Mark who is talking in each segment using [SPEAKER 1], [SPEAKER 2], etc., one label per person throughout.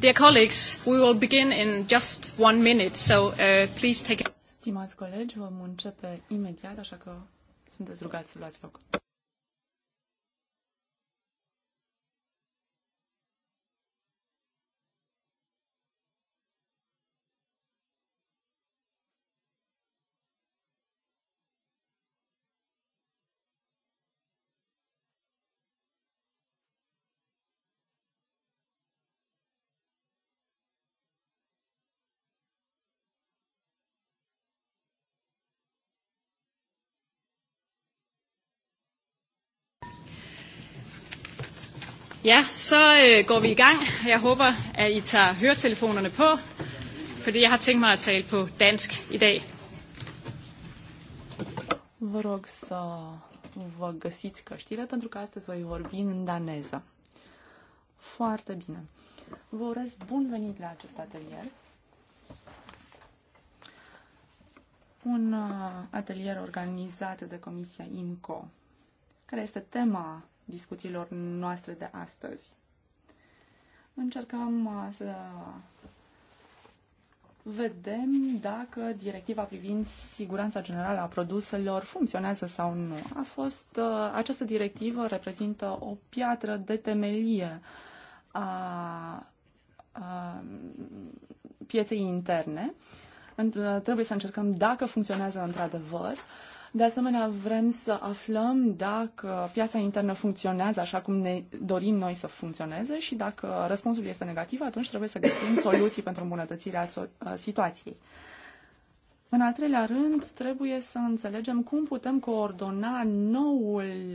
[SPEAKER 1] Dear colleagues, we will begin in just one minute, so uh,
[SPEAKER 2] please take... Stimați colegi, vom începe imediat, așa că sunteți rugați să luați loc.
[SPEAKER 1] Ja, så øh, går vi i gang. Jeg håber, at I tager høretelefonerne på, fordi jeg har tænkt mig at tale på dansk i dag. Vă rog să
[SPEAKER 2] vă găsiți căștile pentru că astăzi voi vorbi în daneză. Foarte bine. Vă urez bun venit la acest atelier. Un uh, atelier organizat de Comisia INCO, care este tema discuțiilor noastre de astăzi. Încercăm uh, să vedem dacă directiva privind siguranța generală a produselor funcționează sau nu. A fost, uh, această directivă reprezintă o piatră de temelie a, a pieței interne. Uh, trebuie să încercăm dacă funcționează într-adevăr. Uh, de asemenea, vrem să aflăm dacă piața internă funcționează așa cum ne dorim noi să funcționeze și dacă răspunsul este negativ, atunci trebuie să găsim soluții pentru îmbunătățirea situației. În al treilea rând, trebuie să înțelegem cum putem coordona noul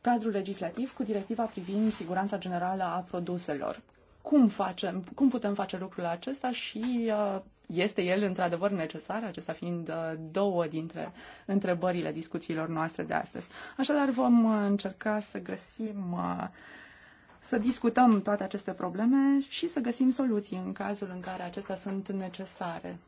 [SPEAKER 2] cadru legislativ cu directiva privind siguranța generală a produselor. Cum facem, cum putem face lucrul acesta și este el într-adevăr necesar, acesta fiind uh, două dintre întrebările discuțiilor noastre de astăzi. Așadar, vom uh, încerca să găsim, uh, să discutăm toate aceste probleme și să găsim soluții în cazul în care acestea sunt necesare.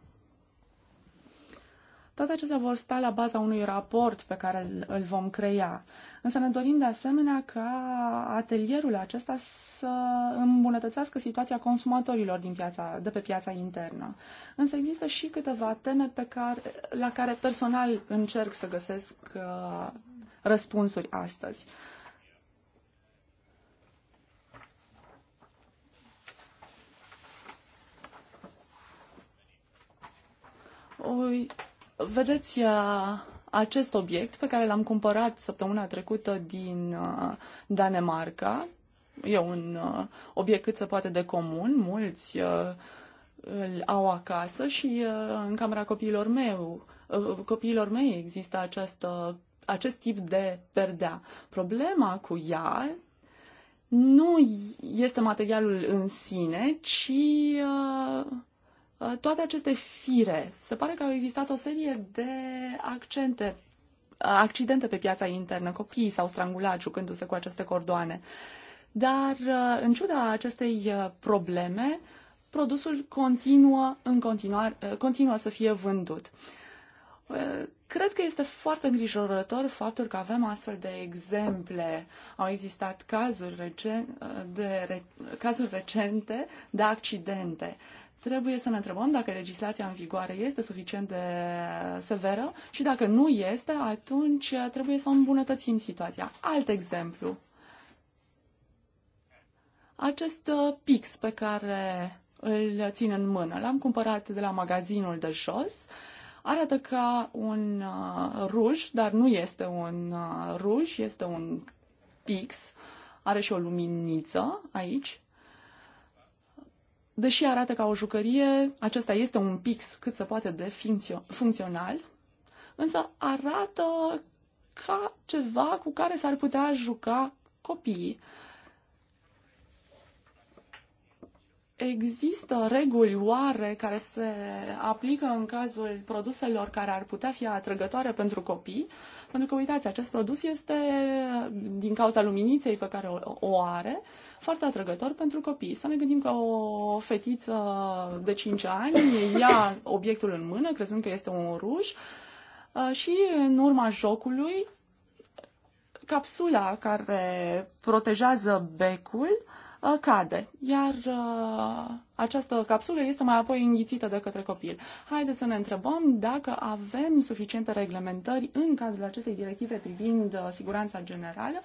[SPEAKER 2] Toate acestea vor sta la baza unui raport pe care îl, îl vom crea. Însă ne dorim de asemenea ca atelierul acesta să îmbunătățească situația consumatorilor din piața, de pe piața internă. Însă există și câteva teme pe care, la care personal încerc să găsesc uh, răspunsuri astăzi. Oi, Vedeți uh, acest obiect pe care l-am cumpărat săptămâna trecută din uh, Danemarca. E un uh, obiect cât se poate de comun, mulți îl au acasă și în camera copiilor, meu, copiilor mei există această, acest tip de perdea. Problema cu ea nu este materialul în sine, ci Uh, toate aceste fire. Se pare că au existat o serie de accente, uh, accidente pe piața internă. Copiii s-au strangulat jucându-se cu aceste cordoane. Dar, uh, în ciuda acestei probleme, produsul continuă, în continuare, continuă să fie vândut. Cred că este foarte îngrijorător faptul că avem astfel de exemple. Au existat cazuri, recen- de re- cazuri recente de accidente trebuie să ne întrebăm dacă legislația în vigoare este suficient de severă și dacă nu este, atunci trebuie să îmbunătățim situația. Alt exemplu. Acest uh, pix pe care îl țin în mână, l-am cumpărat de la magazinul de jos, arată ca un uh, ruj, dar nu este un uh, ruj, este un pix, are și o luminiță aici, deși arată ca o jucărie, acesta este un pix cât se poate de funcțional, însă arată ca ceva cu care s-ar putea juca copiii. Există reguli oare care se aplică în cazul produselor care ar putea fi atrăgătoare pentru copii? Pentru că, uitați, acest produs este, din cauza luminiței pe care o, o are, uh, foarte atrăgător pentru copii. Să ne gândim că o fetiță de 5 ani ia obiectul în mână, crezând că este un ruș, uh, și în urma jocului, capsula care protejează becul uh, cade, iar uh, această capsulă este mai apoi înghițită de către copil. Haideți să ne întrebăm dacă avem suficiente reglementări în cadrul acestei directive privind siguranța generală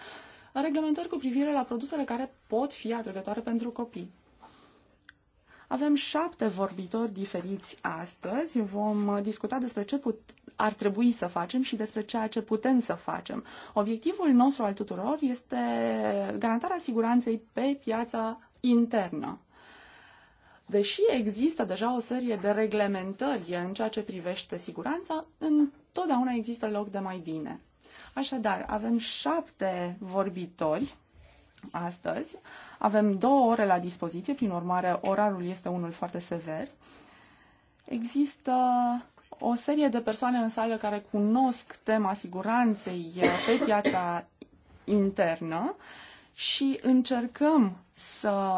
[SPEAKER 2] reglementări cu privire la produsele care pot fi atrăgătoare pentru copii. Avem șapte vorbitori diferiți astăzi. Vom discuta despre ce put- ar trebui să facem și despre ceea ce putem să facem. Obiectivul nostru al tuturor este garantarea siguranței pe piața internă. Deși există deja o serie de reglementări în ceea ce privește siguranța, întotdeauna există loc de mai bine. Așadar, avem șapte vorbitori astăzi. Avem două ore la dispoziție, prin urmare, orarul este unul foarte sever. Există o serie de persoane în sală care cunosc tema siguranței pe piața internă și încercăm să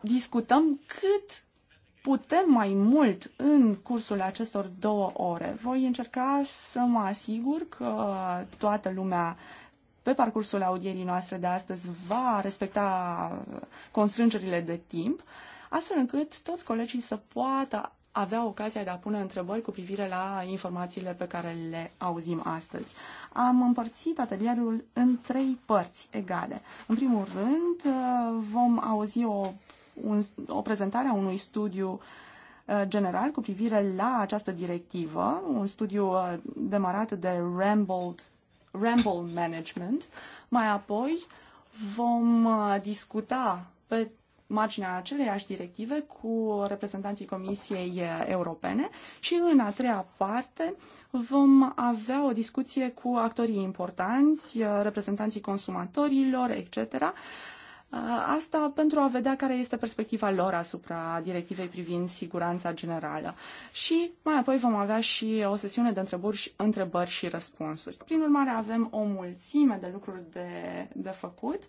[SPEAKER 2] discutăm cât putem mai mult în cursul acestor două ore. Voi încerca să mă asigur că toată lumea pe parcursul audierii noastre de astăzi va respecta constrângerile de timp, astfel încât toți colegii să poată avea ocazia de a pune întrebări cu privire la informațiile pe care le auzim astăzi. Am împărțit atelierul în trei părți egale. În primul rând, vom auzi o un, o prezentare a unui studiu uh, general cu privire la această directivă, un studiu uh, demarat de Rambold, Ramble Management. Mai apoi vom uh, discuta pe marginea aceleiași directive cu reprezentanții Comisiei Europene și în a treia parte vom avea o discuție cu actorii importanți, reprezentanții consumatorilor, etc., Uh, asta pentru a vedea care este perspectiva lor asupra directivei privind siguranța generală. Și mai apoi vom avea și o sesiune de întrebări și, întrebări și răspunsuri. Prin urmare, avem o mulțime de lucruri de, de făcut.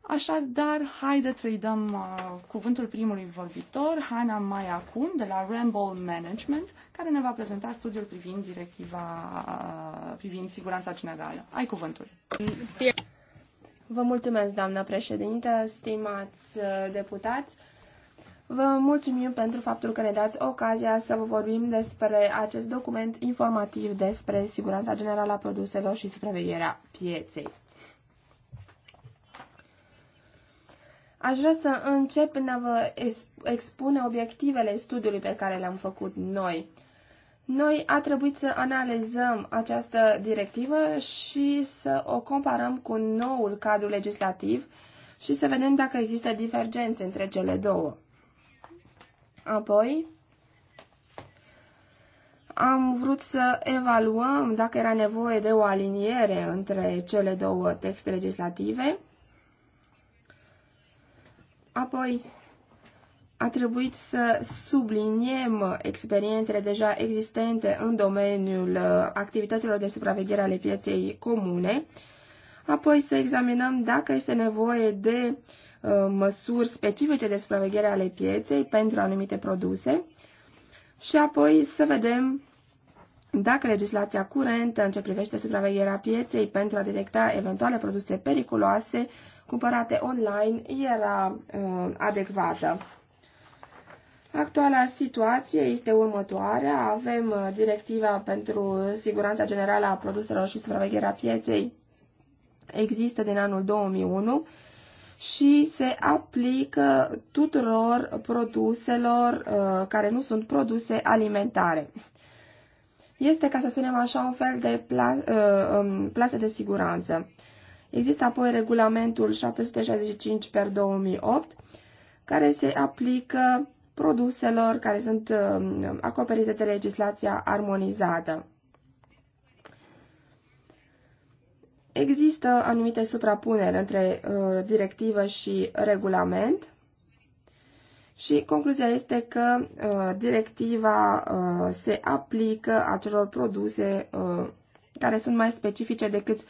[SPEAKER 2] Așadar, haideți să-i dăm uh, cuvântul primului vorbitor, Hana Mayakun, de la Rainbow Management, care ne va prezenta studiul privind directiva uh, privind siguranța generală. Ai cuvântul. Vă mulțumesc,
[SPEAKER 3] doamnă președintă, stimați uh, deputați. Vă mulțumim pentru faptul că ne dați ocazia să vă vorbim despre acest document informativ despre siguranța generală a produselor și supravegherea pieței. Aș vrea să încep în a vă expune obiectivele studiului pe care le-am făcut noi. Noi a trebuit să analizăm această directivă și să o comparăm cu noul cadru legislativ și să vedem dacă există divergențe între cele două. Apoi, am vrut să evaluăm dacă era nevoie de o aliniere între cele două texte legislative. Apoi, a trebuit să subliniem experiențele deja existente în domeniul uh, activităților de supraveghere ale pieței comune, apoi să examinăm dacă este nevoie de uh, măsuri specifice de supraveghere ale pieței pentru anumite produse și apoi să vedem dacă legislația curentă în ce privește supravegherea pieței pentru a detecta eventuale produse periculoase cumpărate online era uh, adecvată. Actuala situație este următoarea. Avem uh, directiva pentru siguranța generală a produselor și supravegherea pieței. Există din anul 2001 și se aplică tuturor produselor uh, care nu sunt produse alimentare. Este, ca să spunem așa, un fel de uh, um, plasă de siguranță. Există apoi regulamentul 765 per 2008 care se aplică produselor care sunt um, acoperite de legislația armonizată. Există anumite suprapuneri între uh, directivă și regulament și concluzia este că uh, directiva uh, se aplică acelor produse uh, care sunt mai specifice decât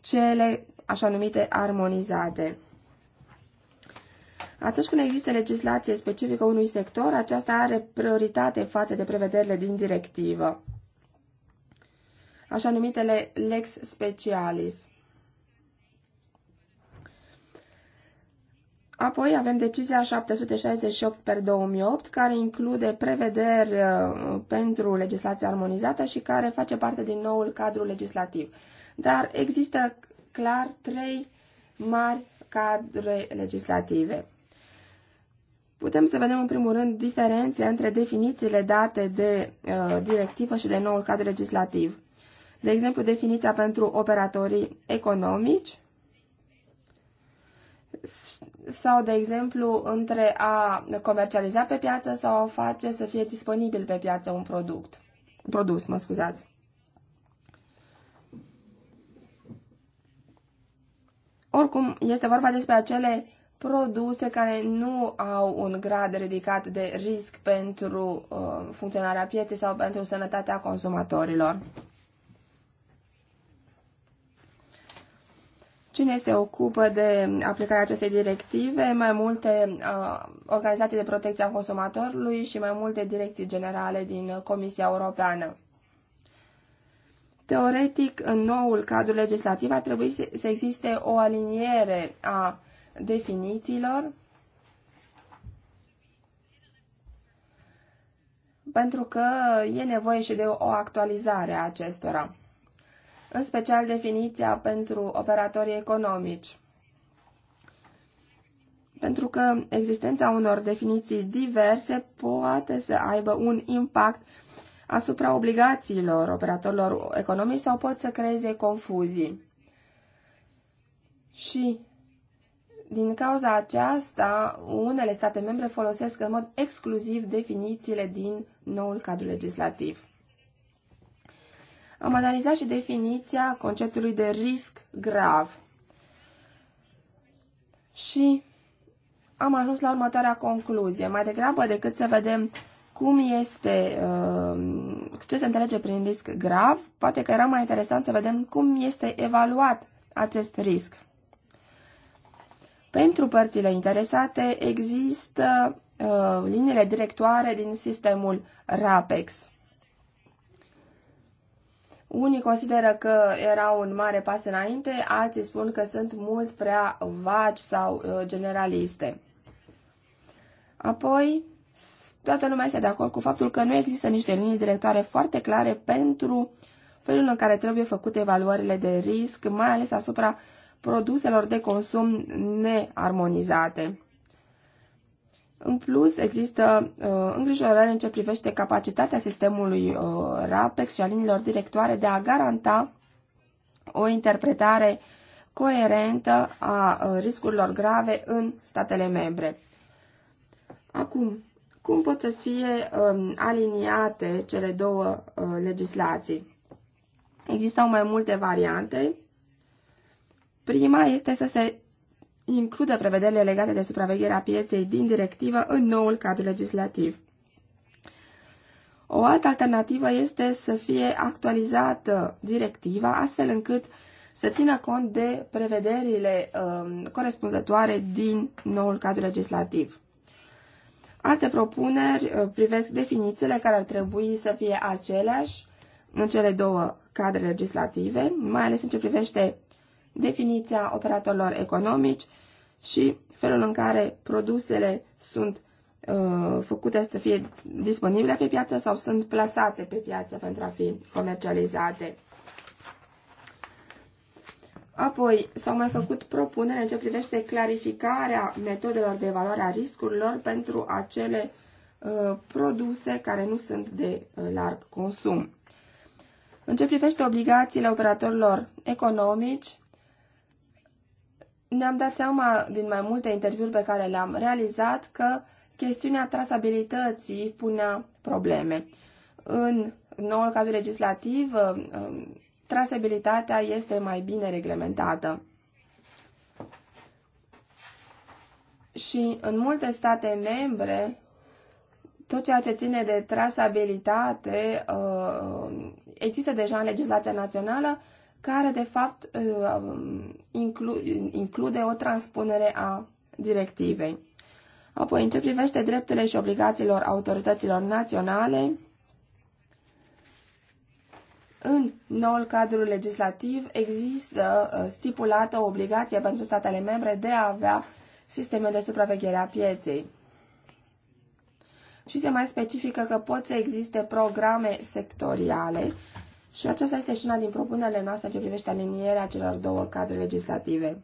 [SPEAKER 3] cele așa numite armonizate. Atunci când există legislație specifică unui sector, aceasta are prioritate față de prevederile din directivă, așa numitele lex specialis. Apoi avem decizia 768 per 2008, care include prevederi uh, pentru legislație armonizată și care face parte din noul cadru legislativ. Dar există clar trei mari cadre legislative. Putem să vedem, în primul rând, diferențe între definițiile date de uh, directivă și de noul cadru legislativ. De exemplu, definiția pentru operatorii economici sau, de exemplu, între a comercializa pe piață sau a face să fie disponibil pe piață un produs. produs. Mă scuzați. Oricum, este vorba despre acele produse care nu au un grad ridicat de risc pentru uh, funcționarea pieței sau pentru sănătatea consumatorilor. Cine se ocupă de aplicarea acestei directive? Mai multe uh, organizații de protecție a consumatorului și mai multe direcții generale din Comisia Europeană. Teoretic, în noul cadru legislativ ar trebui să existe o aliniere a definițiilor pentru că e nevoie și de o actualizare a acestora, în special definiția pentru operatorii economici. Pentru că existența unor definiții diverse poate să aibă un impact asupra obligațiilor operatorilor economici sau pot să creeze confuzii. Și din cauza aceasta, unele state membre folosesc în mod exclusiv definițiile din noul cadru legislativ. Am analizat și definiția conceptului de risc grav și am ajuns la următoarea concluzie. Mai degrabă decât să vedem cum este, um, ce se înțelege prin risc grav, poate că era mai interesant să vedem cum este evaluat acest risc. Pentru părțile interesate există uh, liniile directoare din sistemul RAPEX. Unii consideră că era un mare pas înainte, alții spun că sunt mult prea vagi sau uh, generaliste. Apoi, Toată lumea este de acord cu faptul că nu există niște linii directoare foarte clare pentru felul în care trebuie făcute evaluările de risc, mai ales asupra produselor de consum nearmonizate. În plus, există uh, îngrijorări în ce privește capacitatea sistemului uh, RAPEX și a liniilor directoare de a garanta o interpretare coerentă a uh, riscurilor grave în statele membre. Acum, cum pot să fie um, aliniate cele două uh, legislații. Existau mai multe variante. Prima este să se includă prevederile legate de supravegherea pieței din directivă în noul cadru legislativ. O altă alternativă este să fie actualizată directiva astfel încât să țină cont de prevederile um, corespunzătoare din noul cadru legislativ. Alte propuneri uh, privesc definițiile care ar trebui să fie aceleași în cele două cadre legislative, mai ales în ce privește definiția operatorilor economici și felul în care produsele sunt uh, făcute să fie disponibile pe piață sau sunt plasate pe piață pentru a fi comercializate. Apoi, s-au mai făcut propuneri în ce privește clarificarea metodelor de evaluare a riscurilor pentru acele uh, produse care nu sunt de uh, larg consum. În ce privește obligațiile operatorilor economici, ne-am dat seama din mai multe interviuri pe care le-am realizat că chestiunea trasabilității punea probleme. În noul cadru legislativ, uh, um, trasabilitatea este mai bine reglementată. Și în multe state membre, tot ceea ce ține de trasabilitate uh, există deja în legislația națională, care de fapt uh, include o transpunere a directivei. Apoi, în ce privește drepturile și obligațiilor autorităților naționale, în noul cadru legislativ există uh, stipulată o obligație pentru statele membre de a avea sisteme de supraveghere a pieței. Și se mai specifică că pot să existe programe sectoriale și aceasta este și una din propunerile noastre ce privește alinierea celor două cadre legislative.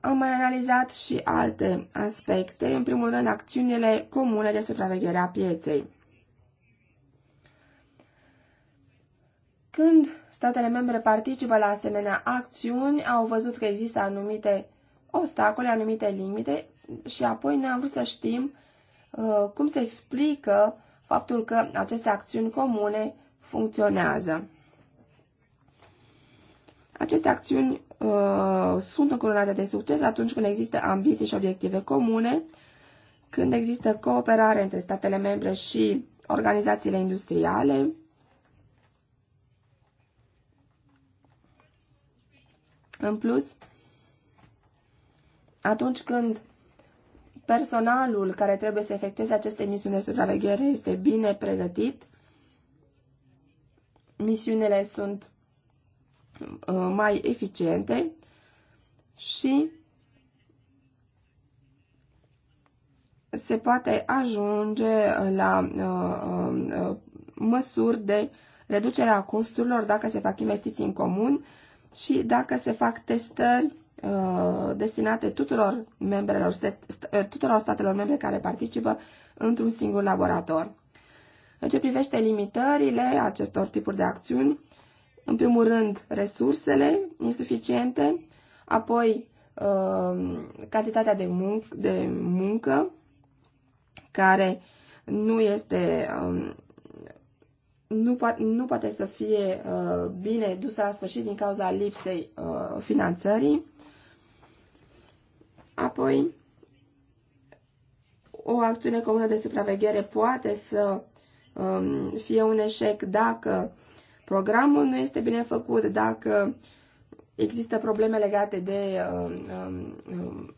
[SPEAKER 3] Am mai analizat și alte aspecte, în primul rând acțiunile comune de supraveghere a pieței. Când statele membre participă la asemenea acțiuni, au văzut că există anumite obstacole, anumite limite și apoi ne am vrut să știm uh, cum se explică faptul că aceste acțiuni comune funcționează. Aceste acțiuni uh, sunt încoronate de succes atunci când există ambiții și obiective comune, când există cooperare între statele membre și organizațiile industriale, În plus, atunci când personalul care trebuie să efectueze aceste misiuni de supraveghere este bine pregătit, misiunile sunt uh, mai eficiente și se poate ajunge la uh, uh, măsuri de reducerea costurilor dacă se fac investiții în comun și dacă se fac testări uh, destinate tuturor, membrelor, uh, tuturor statelor membre care participă într-un singur laborator. În ce privește limitările acestor tipuri de acțiuni, în primul rând resursele insuficiente, apoi uh, cantitatea de, munc- de muncă care nu este um, nu, po- nu poate să fie uh, bine dusă la sfârșit din cauza lipsei uh, finanțării. Apoi, o acțiune comună de supraveghere poate să um, fie un eșec dacă programul nu este bine făcut, dacă există probleme legate de um, um, um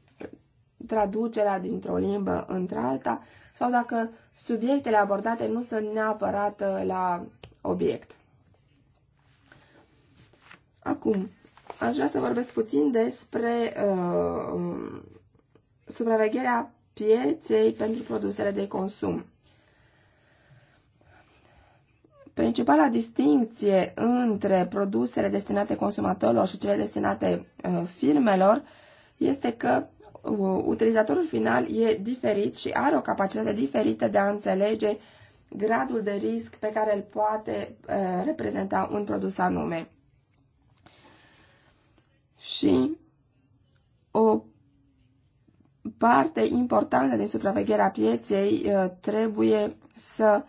[SPEAKER 3] traducerea dintr-o limbă într-alta, sau dacă subiectele abordate nu sunt neapărat uh, la obiect. Acum, aș vrea să vorbesc puțin despre uh, supravegherea pieței pentru produsele de consum. Principala distinție între produsele destinate consumatorilor și cele destinate uh, firmelor este că utilizatorul final e diferit și are o capacitate diferită de a înțelege gradul de risc pe care îl poate uh, reprezenta un produs anume. Și o parte importantă din supravegherea pieței uh, trebuie să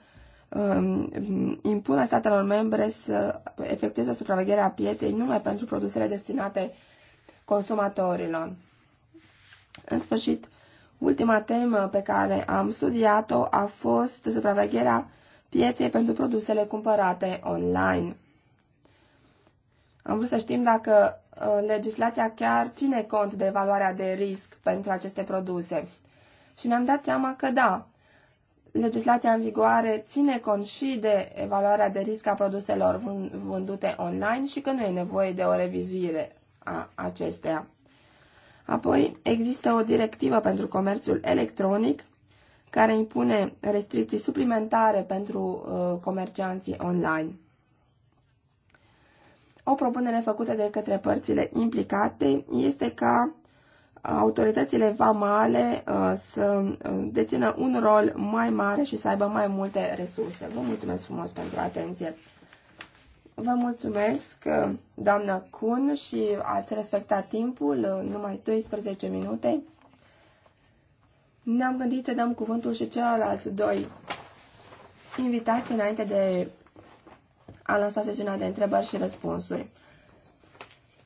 [SPEAKER 3] um, impună statelor membre să efectueze supravegherea pieței numai pentru produsele destinate consumatorilor. În sfârșit, ultima temă pe care am studiat-o a fost supravegherea pieței pentru produsele cumpărate online. Am vrut să știm dacă uh, legislația chiar ține cont de evaluarea de risc pentru aceste produse. Și ne-am dat seama că da, legislația în vigoare ține cont și de evaluarea de risc a produselor vândute online și că nu e nevoie de o revizuire a acesteia. Apoi există o directivă pentru comerțul electronic care impune restricții suplimentare pentru uh, comercianții online. O propunere făcută de către părțile implicate este ca autoritățile vamale uh, să uh, dețină un rol mai mare și să aibă mai multe resurse. Vă mulțumesc frumos pentru atenție! Vă mulțumesc, uh, doamnă Kun, și ați respectat timpul, uh, numai 12 minute. Ne-am gândit să dăm cuvântul și celorlalți doi invitați înainte de a lansa sesiunea de întrebări și răspunsuri.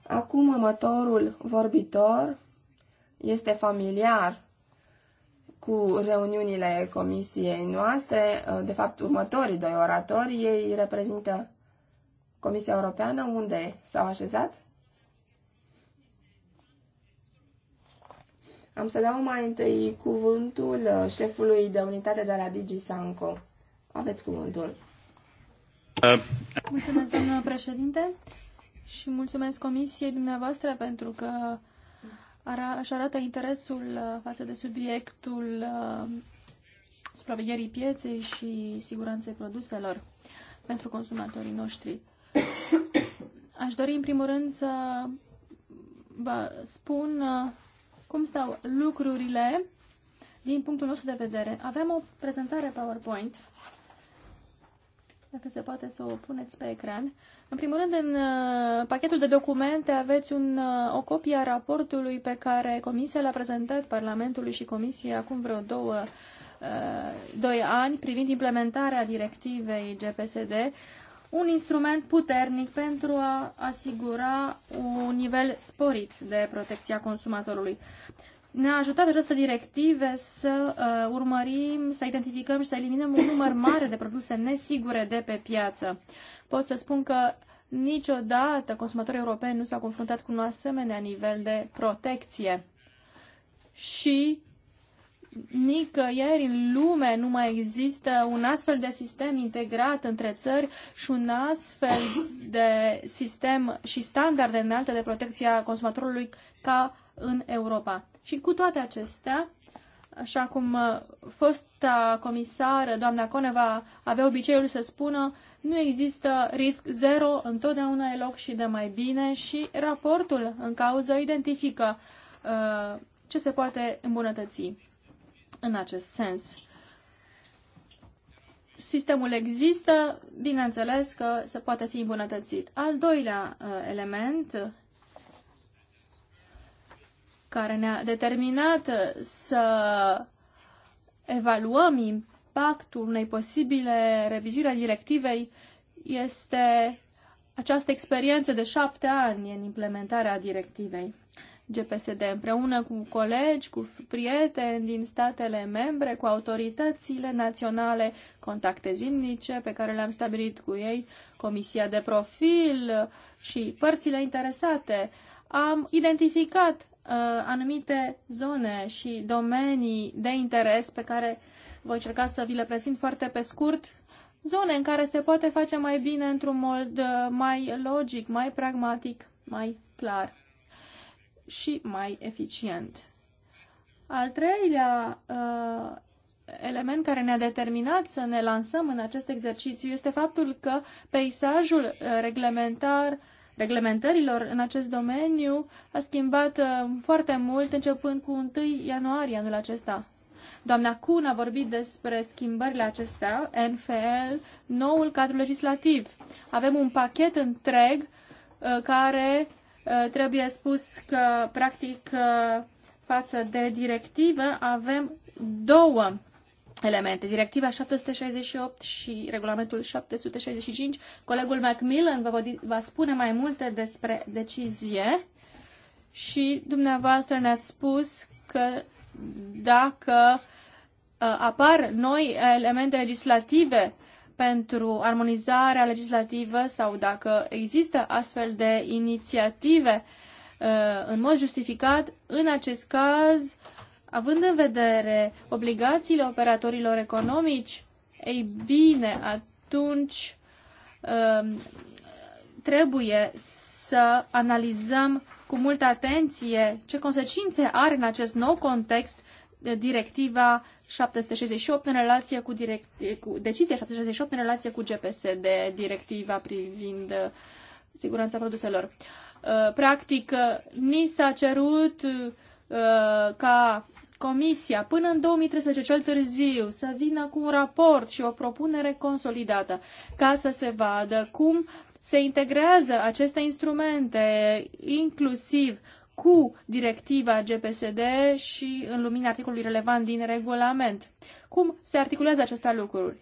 [SPEAKER 3] Acum următorul vorbitor este familiar cu reuniunile comisiei noastre. Uh, de fapt, următorii doi oratori, ei reprezintă Comisia Europeană, unde s-au așezat? Am să dau mai întâi cuvântul uh, șefului de unitate de
[SPEAKER 1] la Digi Sanco. Aveți cuvântul. Mulțumesc, domnule președinte, și mulțumesc comisiei dumneavoastră pentru că își arată interesul uh, față de subiectul uh, supravegherii pieței și siguranței produselor pentru consumatorii noștri. Aș dori, în primul rând, să vă spun uh, cum stau lucrurile din punctul nostru de vedere. Avem o prezentare PowerPoint, dacă se poate să o puneți pe ecran. În primul rând, în uh, pachetul de documente aveți un, uh, o copie a raportului pe care Comisia l-a prezentat Parlamentului și Comisia acum vreo două doi ani privind implementarea directivei GPSD un instrument puternic pentru a asigura un nivel sporit de protecția consumatorului. Ne-a ajutat această directive să uh, urmărim, să identificăm și să eliminăm un număr mare de produse nesigure de pe piață. Pot să spun că niciodată consumatorii europeni nu s-au confruntat cu un asemenea nivel de protecție. Și Nicăieri în lume nu mai există un astfel de sistem integrat între țări și un astfel de sistem și standarde înalte de protecție a consumatorului ca în Europa. Și cu toate acestea, așa cum uh, fosta comisară, doamna Coneva, avea obiceiul să spună, nu există risc zero, întotdeauna e loc și de mai bine și raportul în cauză identifică uh, ce se poate îmbunătăți în acest sens. Sistemul există, bineînțeles că se poate fi îmbunătățit. Al doilea uh, element uh, care ne-a determinat uh, să evaluăm impactul unei posibile reviziri a directivei este această experiență de șapte ani în implementarea directivei. GPSD, împreună cu colegi, cu prieteni din statele membre, cu autoritățile naționale, contacte zilnice pe care le-am stabilit cu ei, comisia de profil și părțile interesate. Am identificat uh, anumite zone și domenii de interes pe care voi încerca să vi le prezint foarte pe scurt, zone în care se poate face mai bine într-un mod uh, mai logic, mai pragmatic, mai clar și mai eficient. Al treilea uh, element care ne-a determinat să ne lansăm în acest exercițiu este faptul că peisajul uh, reglementar reglementărilor în acest domeniu a schimbat uh, foarte mult începând cu 1 ianuarie anul acesta. Doamna Kuhn a vorbit despre schimbările acestea, NFL, noul cadru legislativ. Avem un pachet întreg uh, care Eh, trebuie spus că, practic, eh, față de directivă avem două elemente. Directiva 768 și regulamentul 765. Colegul Macmillan vă va spune mai multe despre decizie și dumneavoastră ne-ați spus că dacă eh, apar noi elemente legislative pentru armonizarea legislativă sau dacă există astfel de inițiative uh, în mod justificat, în acest caz, având în vedere obligațiile operatorilor economici, ei bine, atunci um, trebuie să analizăm cu multă atenție ce consecințe are în acest nou context directiva 768 în relație cu, direct, cu decizia 768 în relație cu GPS de directiva privind uh, siguranța produselor. Uh, practic, uh, ni s-a cerut ca Comisia până în 2013 cel târziu să vină cu un raport și o propunere consolidată ca să se vadă cum se integrează aceste instrumente, inclusiv cu directiva GPSD și în lumina articolului relevant din regulament. Cum se articulează aceste lucruri?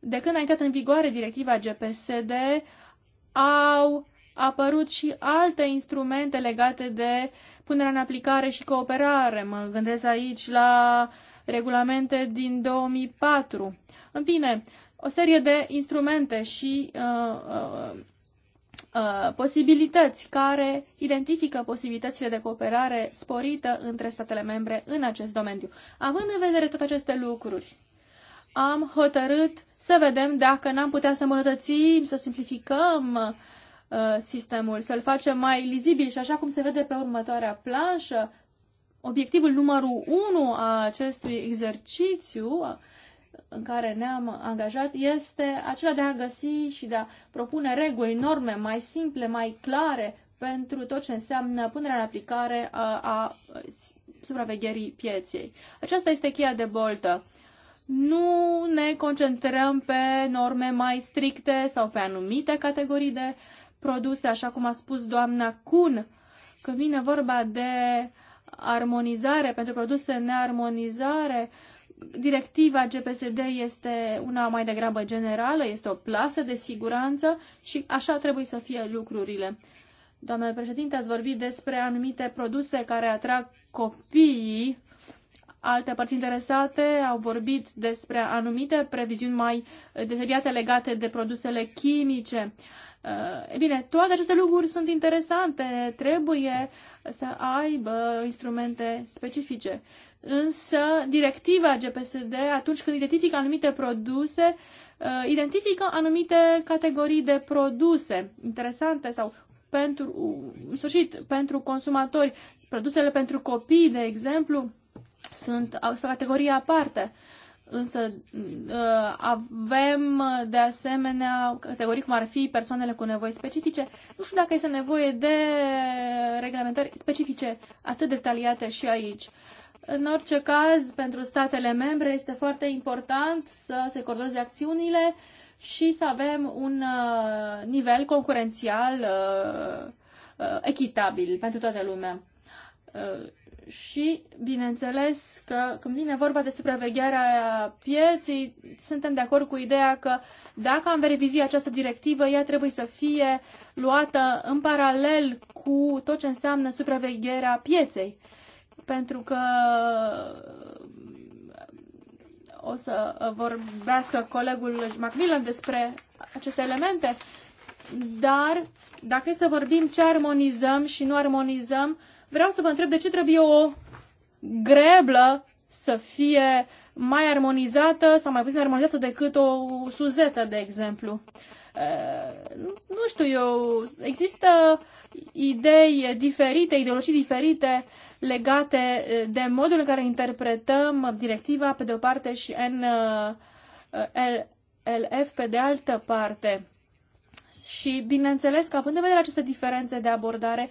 [SPEAKER 1] De când a intrat în vigoare directiva GPSD, au apărut și alte instrumente legate de punerea în aplicare și cooperare. Mă gândesc aici la regulamente din 2004. În fine, o serie de instrumente și uh, uh, Uh, posibilități care identifică posibilitățile de cooperare sporită între statele membre în acest domeniu. Având în vedere toate aceste lucruri, am hotărât să vedem dacă n-am putea să îmbunătățim, să simplificăm uh, sistemul, să-l facem mai lizibil și așa cum se vede pe următoarea planșă, obiectivul numărul 1 a acestui exercițiu în care ne-am angajat este acela de a găsi și de a propune reguli, norme mai simple, mai clare pentru tot ce înseamnă punerea în aplicare a, a supravegherii pieței. Aceasta este cheia de boltă. Nu ne concentrăm pe norme mai stricte sau pe anumite categorii de produse, așa cum a spus doamna Kun, când vine vorba de armonizare pentru produse nearmonizare, uh, Directiva GPSD este una mai degrabă generală, este o plasă de siguranță și așa trebuie să fie lucrurile. Doamnă președinte, ați vorbit despre anumite produse care atrag copiii. Alte părți interesate au vorbit despre anumite previziuni mai detaliate legate de produsele chimice. Eh, e bine, toate aceste lucruri sunt interesante, trebuie să aibă instrumente specifice însă directiva GPSD, atunci când identifică anumite produse, uh, identifică anumite categorii de produse interesante sau pentru, uh, în sfârșit, pentru consumatori. Produsele pentru copii, de exemplu, sunt o categorie aparte. Însă uh, avem de asemenea categorii cum ar fi persoanele cu nevoi specifice. Nu știu dacă este nevoie de reglementări specifice atât detaliate și aici. În orice caz, pentru statele membre este foarte important să se coordoneze acțiunile și să avem un uh, nivel concurențial uh, uh, echitabil pentru toată lumea. Și, bineînțeles, că când vine vorba de supravegherea pieței, suntem de acord cu ideea că dacă am revizui această directivă, ea trebuie să fie luată în paralel cu tot ce înseamnă supravegherea pieței pentru că uh, o să vorbească colegul Macmillan despre aceste elemente, dar dacă e să vorbim ce armonizăm și nu armonizăm, vreau să vă întreb de ce trebuie o greblă să fie mai armonizată sau mai puțin armonizată decât o suzetă, de exemplu. Uh, Eh, nu știu eu, există idei diferite, ideologii diferite legate eh, de modul în care interpretăm directiva pe de o parte și NLF eh, pe de altă parte. Și bineînțeles că având în vedere aceste diferențe de abordare,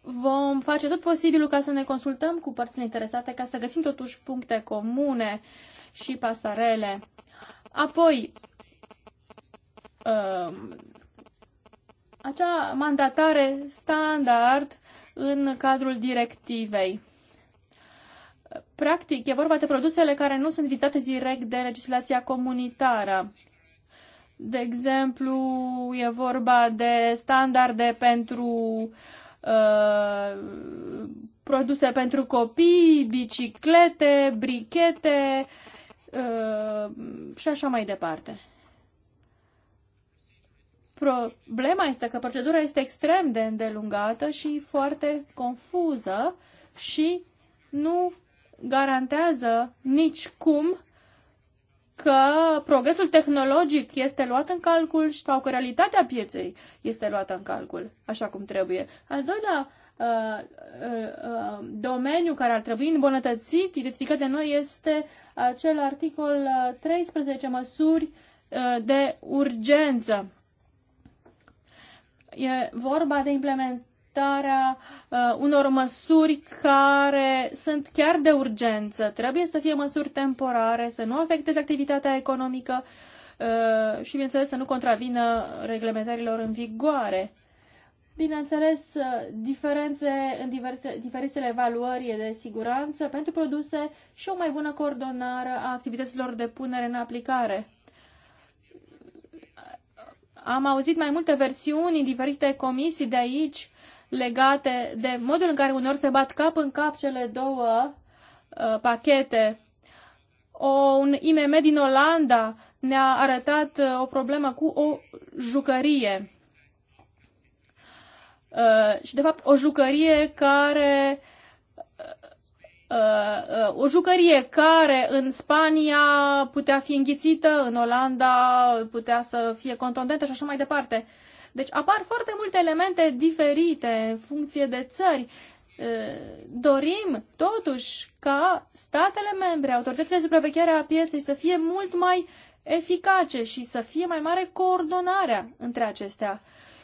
[SPEAKER 1] vom face tot posibilul ca să ne consultăm cu părțile interesate ca să găsim totuși puncte comune și pasarele. Apoi, uh, acea mandatare standard în cadrul directivei. Practic, e vorba de produsele care nu sunt vizate direct de legislația comunitară. De exemplu, e vorba de standarde pentru uh, produse pentru copii, biciclete, brichete uh, și așa mai departe. Problema este că procedura este extrem de îndelungată și foarte confuză și nu garantează nici cum că progresul tehnologic este luat în calcul sau că realitatea pieței este luată în calcul așa cum trebuie. Al doilea uh, uh, uh domeniu care ar trebui îmbunătățit, identificat de noi, este acel articol 13, uh, măsuri uh, de urgență. E vorba de implementarea uh, unor măsuri care sunt chiar de urgență. Trebuie să fie măsuri temporare, să nu afecteze activitatea economică uh, și, bineînțeles, să nu contravină reglementărilor în vigoare. Bineînțeles, uh, diferențe în diverse, diferitele valori de siguranță pentru produse și o mai bună coordonare a activităților de punere în aplicare. Am auzit mai multe versiuni în diferite comisii de aici legate de modul în care unor se bat cap în cap cele două uh, pachete. O, un IMM din Olanda ne-a arătat uh, o problemă cu o jucărie. Uh, și, de fapt, o jucărie care uh, Uh, uh, o jucărie care în Spania putea fi înghițită, în Olanda putea să fie contundentă și așa mai departe. Deci apar foarte multe elemente diferite în funcție de țări. Uh, dorim totuși ca statele membre, autoritățile de supraveghere a pieței să fie mult mai eficace și să fie mai mare coordonarea între acestea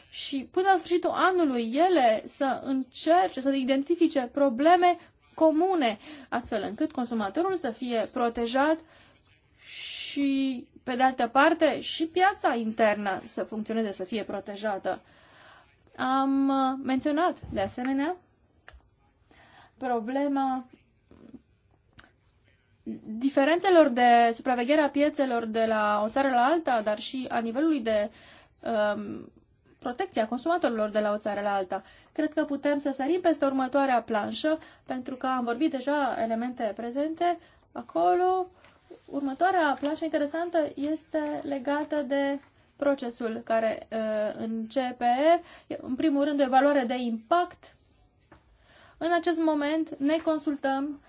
[SPEAKER 1] și până la sfârșitul anului ele să încerce să identifice probleme comune, astfel încât consumatorul să fie protejat și, pe de altă parte, și piața internă să funcționeze, să fie protejată. Am menționat, de asemenea, problema diferențelor de supraveghere a piețelor de la o țară la alta, dar și a nivelului de um, protecție a consumatorilor de la o țară la alta cred că putem să sărim peste următoarea planșă, pentru că am vorbit deja elemente prezente acolo. Următoarea planșă interesantă este legată de procesul care uh, începe, în primul rând, o evaluare de impact. În acest moment ne consultăm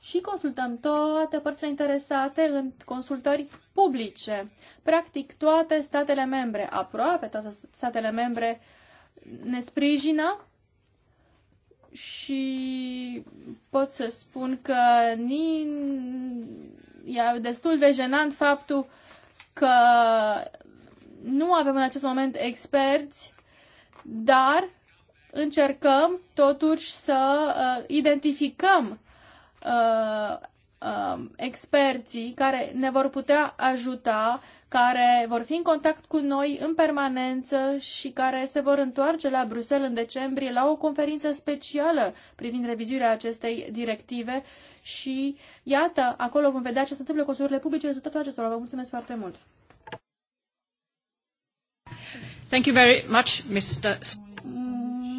[SPEAKER 1] și consultăm toate părțile interesate în consultări publice. Practic, toate statele membre, aproape toate statele membre, ne sprijină și pot să spun că ni... e destul de jenant faptul că nu avem în acest moment experți, dar încercăm totuși să uh, identificăm uh, uh, experții care ne vor putea ajuta, care vor fi în contact cu noi în permanență și care se vor întoarce la Bruxelles în decembrie la o conferință specială privind revizuirea acestei directive și iată, acolo vom vedea ce se întâmplă cu usurile publice, rezultatul acestor Vă mulțumesc foarte mult! Thank you very much, Mr.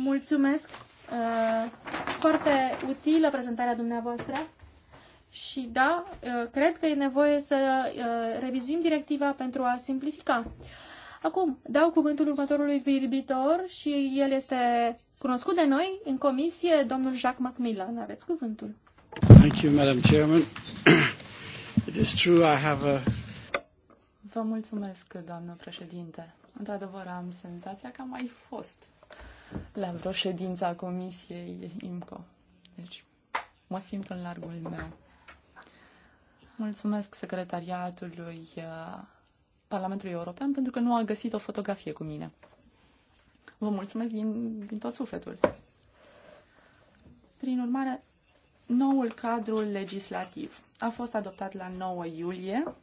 [SPEAKER 1] Mulțumesc! Uh, foarte utilă prezentarea dumneavoastră. Și da, uh, cred că e nevoie să uh, revizuim directiva pentru a simplifica. Acum, dau cuvântul următorului virbitor și el este cunoscut de noi în comisie, domnul Jacques Macmillan. Aveți cuvântul.
[SPEAKER 3] Thank you, Madam Chairman. It is true I have a...
[SPEAKER 2] Vă mulțumesc, doamnă președinte. Într-adevăr, am senzația că am mai fost la vreo ședință a comisiei IMCO. Deci, mă simt în largul meu. Mulțumesc secretariatului uh, Parlamentului European pentru că nu a găsit o fotografie cu mine. Vă mulțumesc din, din tot sufletul. Prin urmare, noul cadru legislativ a fost adoptat la 9 iulie.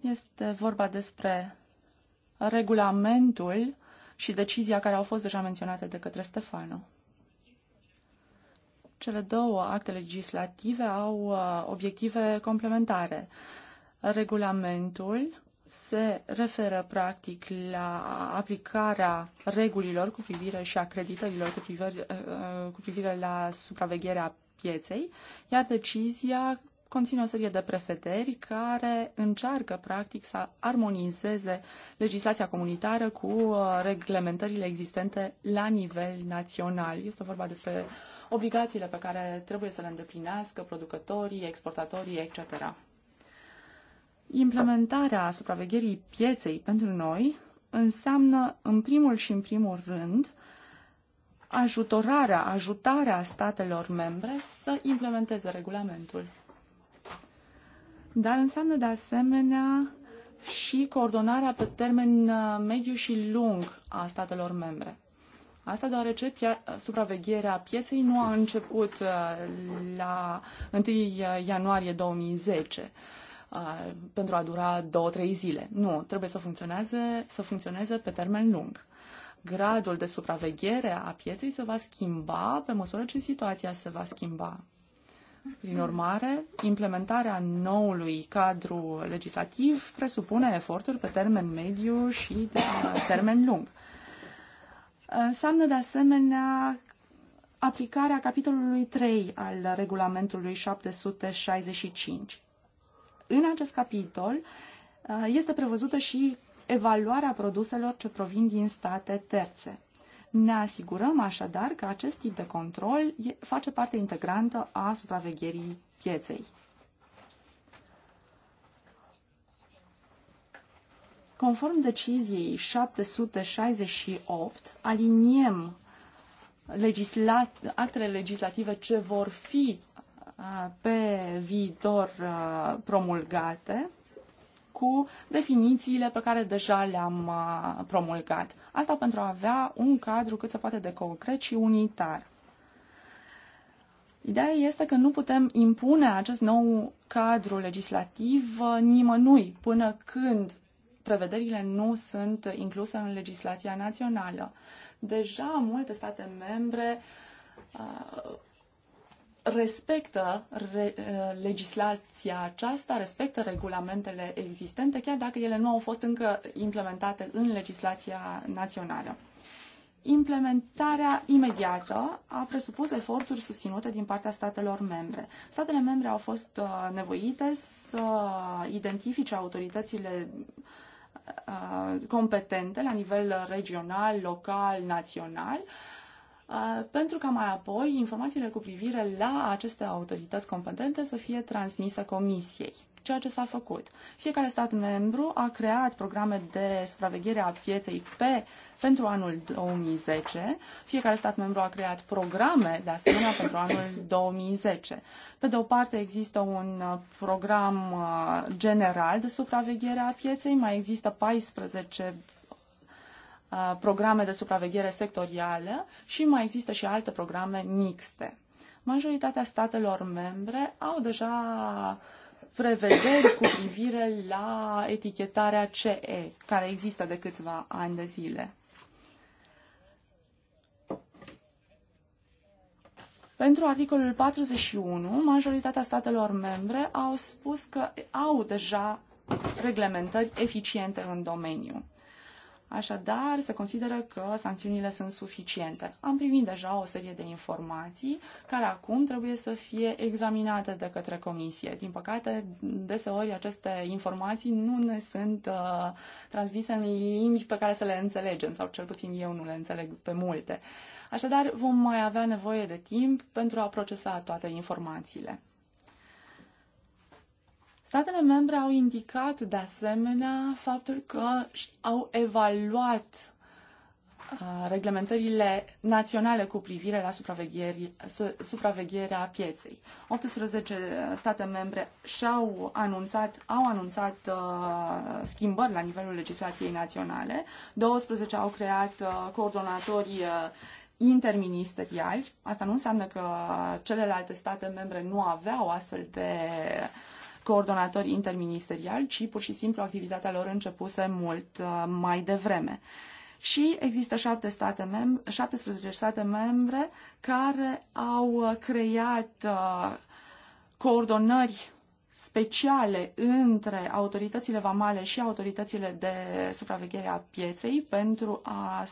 [SPEAKER 2] Este vorba despre regulamentul și decizia care au fost deja menționate de către Stefano. Cele două acte legislative au uh, obiective complementare. Regulamentul se referă practic la aplicarea regulilor cu privire și a cu privire, uh, uh, cu privire la supravegherea pieței, iar decizia conține o serie de prevederi care încearcă practic să armonizeze legislația comunitară cu reglementările existente la nivel național. Este vorba despre obligațiile pe care trebuie să le îndeplinească producătorii, exportatorii, etc. Implementarea supravegherii pieței pentru noi înseamnă, în primul și în primul rând, ajutorarea, ajutarea statelor membre să implementeze regulamentul. Dar înseamnă, de asemenea, și coordonarea pe termen uh, mediu și lung a statelor membre. Asta deoarece pia- supravegherea pieței nu a început uh, la 1 uh, ianuarie 2010 uh, pentru a dura 2-3 zile. Nu, trebuie să funcționeze, să funcționeze pe termen lung. Gradul de supraveghere a pieței se va schimba pe măsură ce situația se va schimba. Prin urmare, implementarea noului cadru legislativ presupune eforturi pe termen mediu și de termen lung. Înseamnă de asemenea aplicarea capitolului 3 al regulamentului 765. În acest capitol uh, este prevăzută și evaluarea produselor ce provin din state terțe. Ne asigurăm așadar că acest tip de control face parte integrantă a supravegherii pieței. Conform deciziei 768, aliniem actele legislative ce vor fi uh, pe viitor uh, promulgate cu definițiile pe care deja le-am uh, promulgat. Asta pentru a avea un cadru cât se poate de concret și unitar. Ideea este că nu putem impune acest nou cadru legislativ nimănui până când prevederile nu sunt incluse în legislația națională. Deja multe state membre uh, respectă re, uh, legislația aceasta, respectă regulamentele existente, chiar dacă ele nu au fost încă implementate în legislația națională. Implementarea imediată a presupus eforturi susținute din partea statelor membre. Statele membre au fost uh, nevoite să identifice autoritățile uh, competente la nivel regional, local, național, pentru ca mai apoi informațiile cu privire la aceste autorități competente să fie transmise Comisiei ceea ce s-a făcut. Fiecare stat membru a creat programe de supraveghere a pieței pe, pentru anul 2010. Fiecare stat membru a creat programe de asemenea pentru anul 2010. Pe de o parte există un uh, program uh, general de supraveghere a pieței, mai există 14 uh, programe de supraveghere sectorială și mai există și alte programe mixte. Majoritatea statelor membre au deja uh, prevederi cu privire la etichetarea CE, care există de câțiva ani de zile. Pentru articolul 41, majoritatea statelor membre au spus că au deja reglementări eficiente în domeniu. Așadar, se consideră că sancțiunile sunt suficiente. Am primit deja o serie de informații care acum trebuie să fie examinate de către comisie. Din păcate, deseori aceste informații nu ne sunt uh, transmise în limbi pe care să le înțelegem, sau cel puțin eu nu le înțeleg pe multe. Așadar, vom mai avea nevoie de timp pentru a procesa toate informațiile. Statele membre au indicat de asemenea faptul că au evaluat uh, reglementările naționale cu privire la supravegherea pieței. 18 state membre și-au anunțat, au anunțat uh, schimbări la nivelul legislației naționale, 12 au creat uh, coordonatori uh, interministeriali. Asta nu înseamnă că celelalte state membre nu aveau astfel de uh, coordonatori interministeriali, ci pur și simplu activitatea lor începuse mult uh, mai devreme. Și există șapte state mem- 17 state membre care au uh, creat uh, coordonări speciale între autoritățile vamale și autoritățile de supraveghere a pieței pentru a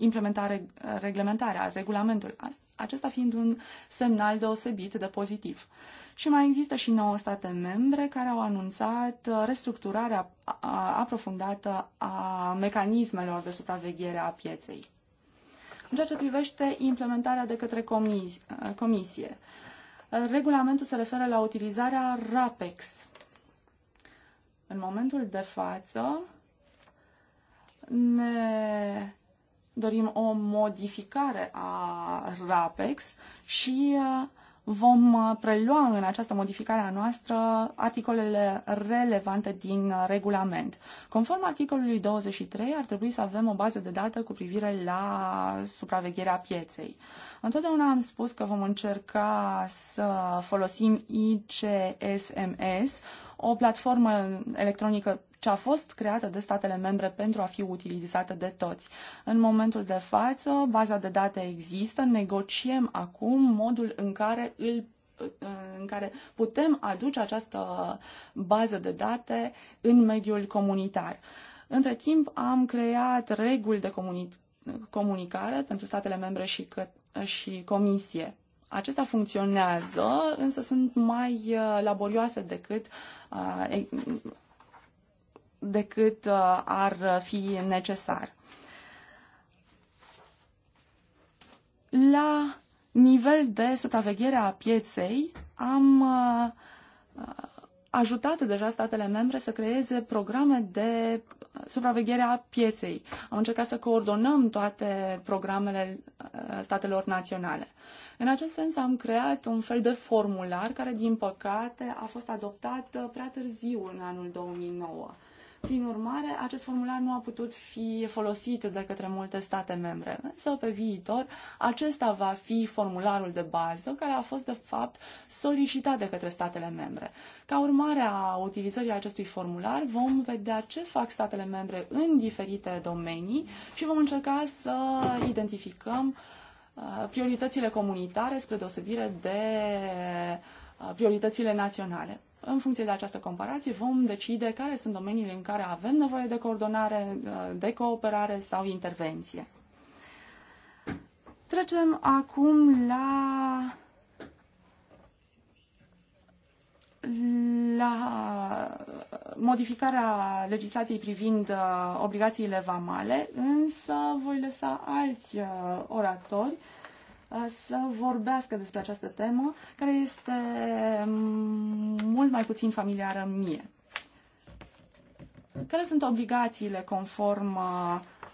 [SPEAKER 2] implementare, reglementarea, regulamentul, acesta fiind un semnal deosebit de pozitiv. Și mai există și nouă state membre care au anunțat uh, restructurarea aprofundată a mecanismelor de supraveghere a pieței. În ceea ce privește implementarea de către uh, comisie, uh, regulamentul se referă la utilizarea RAPEX. În momentul de față, ne dorim o modificare a RAPEX și uh, vom uh, prelua în această modificare a noastră articolele relevante din uh, regulament. Conform articolului 23, ar trebui să avem o bază de dată cu privire la supravegherea pieței. Întotdeauna am spus că vom încerca să folosim ICSMS, o platformă electronică ce a fost creată de statele membre pentru a fi utilizată de toți. În momentul de față, baza de date există, negociem acum modul în care îl în care putem aduce această bază de date în mediul comunitar. Între timp am creat reguli de comunicare pentru statele membre și, că- și comisie acestea funcționează, însă sunt mai uh, laborioase decât uh, decât uh, ar fi necesar. La nivel de supraveghere a pieței am ajutat deja statele membre să creeze programe de supraveghere a pieței. Am încercat să coordonăm toate programele statelor naționale. În acest sens am creat un fel de formular care, din păcate, a fost adoptat uh, prea târziu în anul 2009. Prin urmare, acest formular nu a putut fi folosit de către multe state membre, însă pe viitor acesta va fi formularul de bază care a fost de fapt solicitat de către statele membre. Ca urmare a utilizării acestui formular vom vedea ce fac statele membre în diferite domenii și vom încerca să identificăm uh, Uh, prioritățile comunitare spre deosebire de uh, prioritățile naționale. În funcție de această comparație vom decide care sunt domeniile în care avem nevoie de coordonare, uh, de cooperare sau intervenție. Trecem acum la la modificarea legislației privind uh, obligațiile vamale, însă voi lăsa alți uh, oratori uh, să vorbească despre această temă, care este mm, mult mai puțin familiară mie. Care sunt obligațiile conform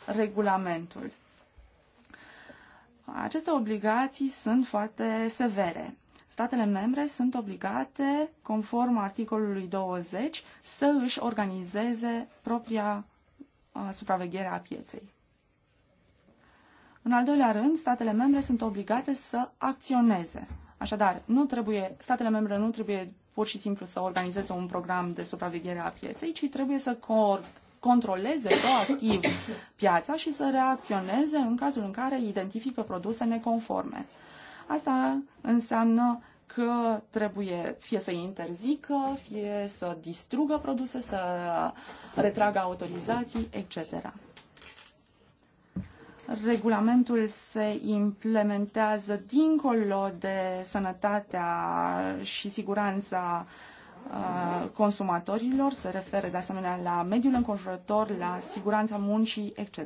[SPEAKER 2] regulamentului? Aceste obligații sunt foarte severe. Statele membre sunt obligate, conform articolului 20, să își organizeze propria supraveghere a pieței. În al doilea rând, statele membre sunt obligate să acționeze. Așadar, nu trebuie, statele membre nu trebuie pur și simplu să organizeze un program de supraveghere a pieței, ci trebuie să controleze proactiv piața și să reacționeze în cazul în care identifică produse neconforme. Asta înseamnă că trebuie fie să interzică, fie să distrugă produse, să retragă autorizații, etc. Regulamentul se implementează dincolo de sănătatea și siguranța uh, consumatorilor, se referă de asemenea la mediul înconjurător, la siguranța muncii, etc.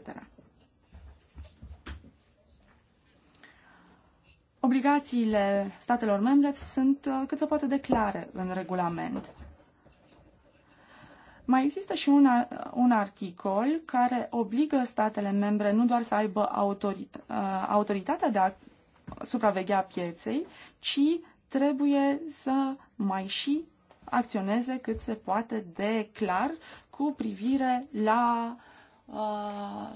[SPEAKER 2] Obligațiile statelor membre sunt uh, cât se poate declare în regulament. Mai există și un, uh, un articol care obligă statele membre nu doar să aibă autorita, uh, autoritatea de a supraveghea pieței, ci trebuie să mai și acționeze cât se poate de clar cu privire la uh,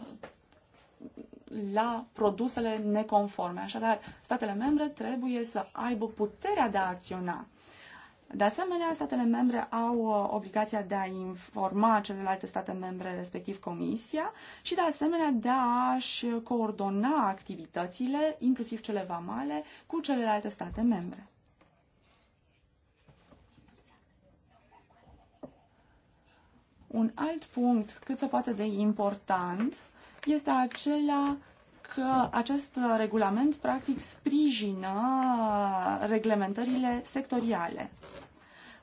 [SPEAKER 2] la produsele neconforme. Așadar, statele membre trebuie să aibă puterea de a acționa. De asemenea, statele membre au uh, obligația de a informa celelalte state membre, respectiv Comisia, și de asemenea de a-și coordona activitățile, inclusiv cele vamale, cu celelalte state membre. Un alt punct cât se poate de important este acela că acest regulament practic sprijină reglementările sectoriale.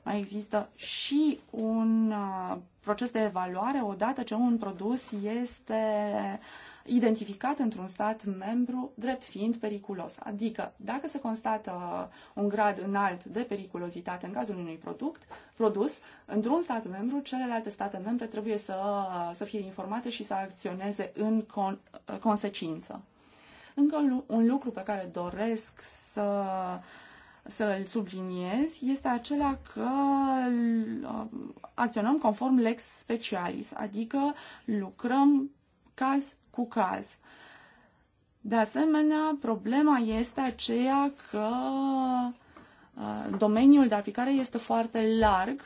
[SPEAKER 2] Mai există și un uh, proces de evaluare odată ce un produs este uh, identificat într-un stat membru drept fiind periculos. Adică, dacă se constată uh, un grad înalt de periculozitate în cazul unui product, produs, într-un stat membru, celelalte state membre trebuie să, uh, să fie informate și să acționeze în con, uh, consecință. Încă un lucru pe care doresc să să îl subliniez este acela că acționăm conform lex specialis, adică lucrăm caz cu caz. De asemenea, problema este aceea că domeniul de aplicare este foarte larg.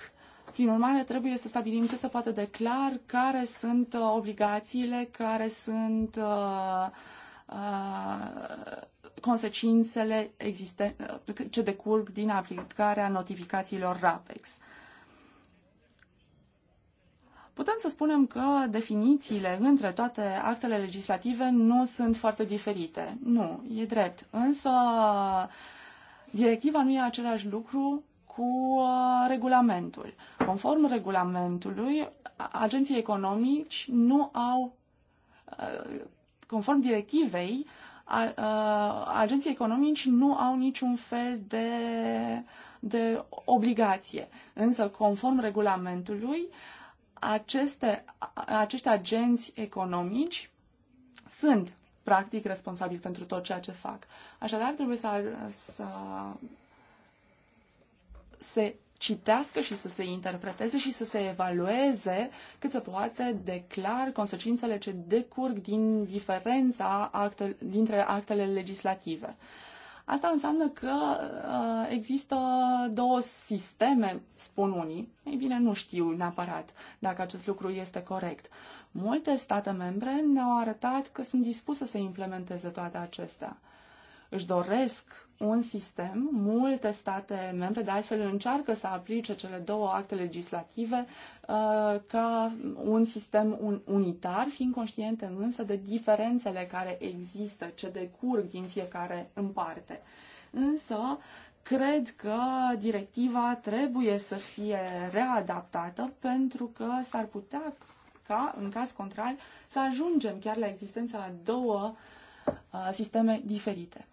[SPEAKER 2] Prin urmare, trebuie să stabilim cât se poate de clar care sunt uh, obligațiile, care sunt uh, uh, consecințele existen- uh, ce decurg din aplicarea notificațiilor RAPEX. Putem să spunem că definițiile între toate actele legislative nu sunt foarte diferite. Nu, e drept. Însă directiva nu e același lucru cu uh, regulamentul. Conform regulamentului, agenții economici nu au, uh, conform directivei, uh, agenții economici nu au niciun fel de, de obligație. Însă, conform regulamentului, uh, aceste, acești agenți economici sunt practic responsabili pentru tot ceea ce fac. Așadar, trebuie să, să se citească și să se interpreteze și să se evalueze cât se poate de clar consecințele ce decurg din diferența acte, dintre actele legislative. Uh, Asta înseamnă că uh, există două sisteme, spun unii. Ei bine, nu știu neapărat dacă acest lucru este corect. Multe state membre ne-au arătat că sunt dispuse să implementeze toate acestea își doresc un sistem, multe state membre de altfel încearcă să aplice cele două acte legislative uh, ca un sistem un, unitar, fiind conștiente însă de diferențele care există, ce decurg din fiecare în parte. Însă, cred că directiva trebuie să fie readaptată pentru că s-ar putea ca, în caz contrar, să ajungem chiar la existența a două uh, sisteme diferite.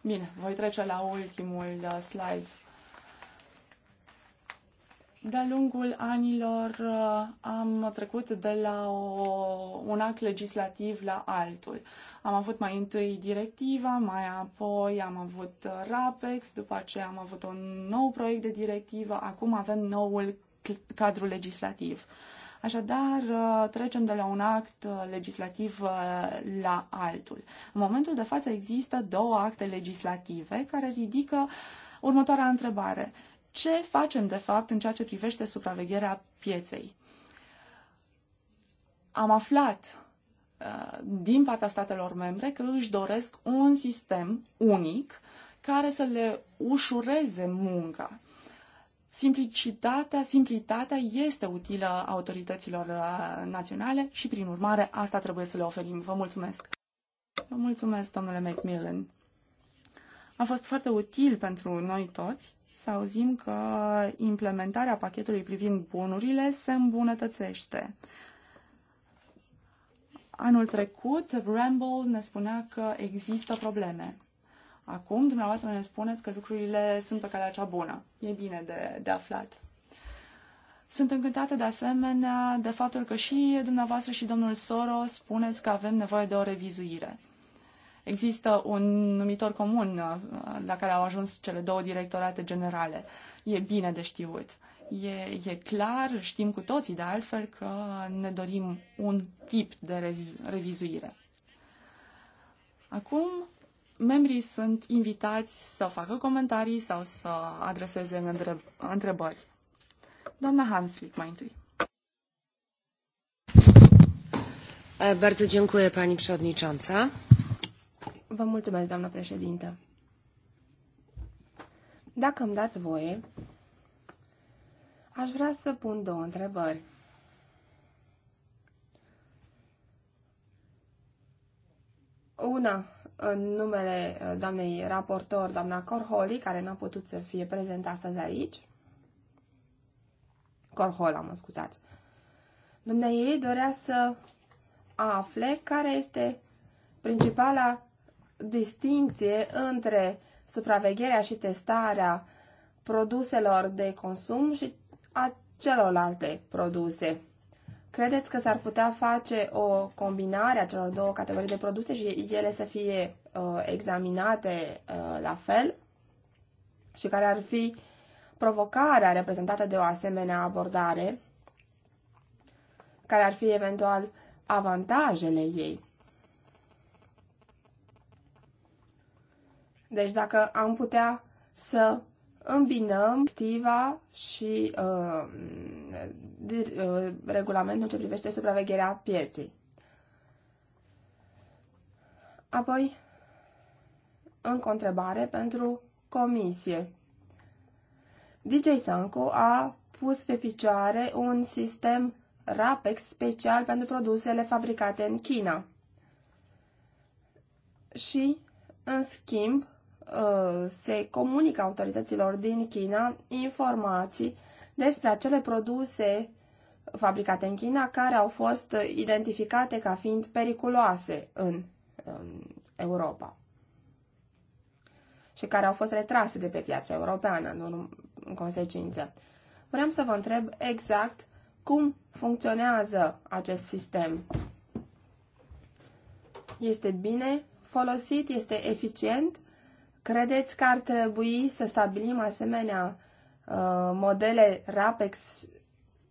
[SPEAKER 2] Bine, voi trece la ultimul slide. De-a lungul anilor am trecut de la o, un act legislativ la altul. Am avut mai întâi directiva, mai apoi am avut RAPEX, după aceea am avut un nou proiect de directivă, acum avem noul cadru legislativ. Uh, Așadar, uh, trecem de la un act uh, legislativ uh, la altul. În momentul de față există două acte legislative care ridică următoarea întrebare. Ce facem, de fapt, în ceea ce privește supravegherea pieței? Am aflat din partea statelor membre că își doresc un sistem unic care să le ușureze munca. Simplicitatea, simplitatea este utilă autorităților uh, naționale și, prin urmare, asta trebuie să le oferim. Vă mulțumesc! Vă mulțumesc, domnule Macmillan! A fost foarte util pentru noi toți să auzim că implementarea pachetului privind bunurile se îmbunătățește. Anul trecut, Ramble ne spunea că există probleme. Acum, dumneavoastră ne spuneți că lucrurile sunt pe calea cea bună. E bine de, de aflat. Sunt încântată de asemenea de faptul că și dumneavoastră și domnul Soro spuneți că avem nevoie de o revizuire. Există un numitor comun uh, la care au ajuns cele două directorate generale. E bine de știut. E, e clar, știm cu toții de altfel că ne dorim un tip de revizuire. Acum membrii sunt invitați să facă comentarii sau să adreseze întrebări. Doamna Hanslick, mai întâi.
[SPEAKER 3] Bardzo dziękuję, pani przewodnicząca. Vă mulțumesc, doamnă președintă. Dacă îmi dați voie, aș vrea să pun două întrebări. Una în numele uh, doamnei raportor, doamna Corholi, care n-a putut să fie prezentă astăzi aici. Corhola, mă scuzați. Dumnea ei dorea să afle care este principala distinție între supravegherea și testarea produselor de consum și a celorlalte produse. Credeți că s-ar putea face o combinare a celor două categorii de produse și ele să fie uh, examinate uh, la fel? Și care ar fi provocarea reprezentată de o asemenea abordare? Care ar fi eventual avantajele ei? Deci dacă am putea să îmbinăm activa și uh, de, uh, regulamentul ce privește supravegherea pieței. Apoi, încă o întrebare pentru comisie. DJ Sanco a pus pe picioare un sistem RAPEX special pentru produsele fabricate în China. Și, în schimb, Uh, se comunică autorităților din China informații despre acele produse fabricate în China care au fost identificate ca fiind periculoase în, Europa și care au fost retrase de pe piața europeană în, în consecință. Vreau să vă întreb exact cum funcționează acest sistem. Este bine folosit? Este eficient? Credeți că ar trebui să stabilim asemenea uh, modele RAPEX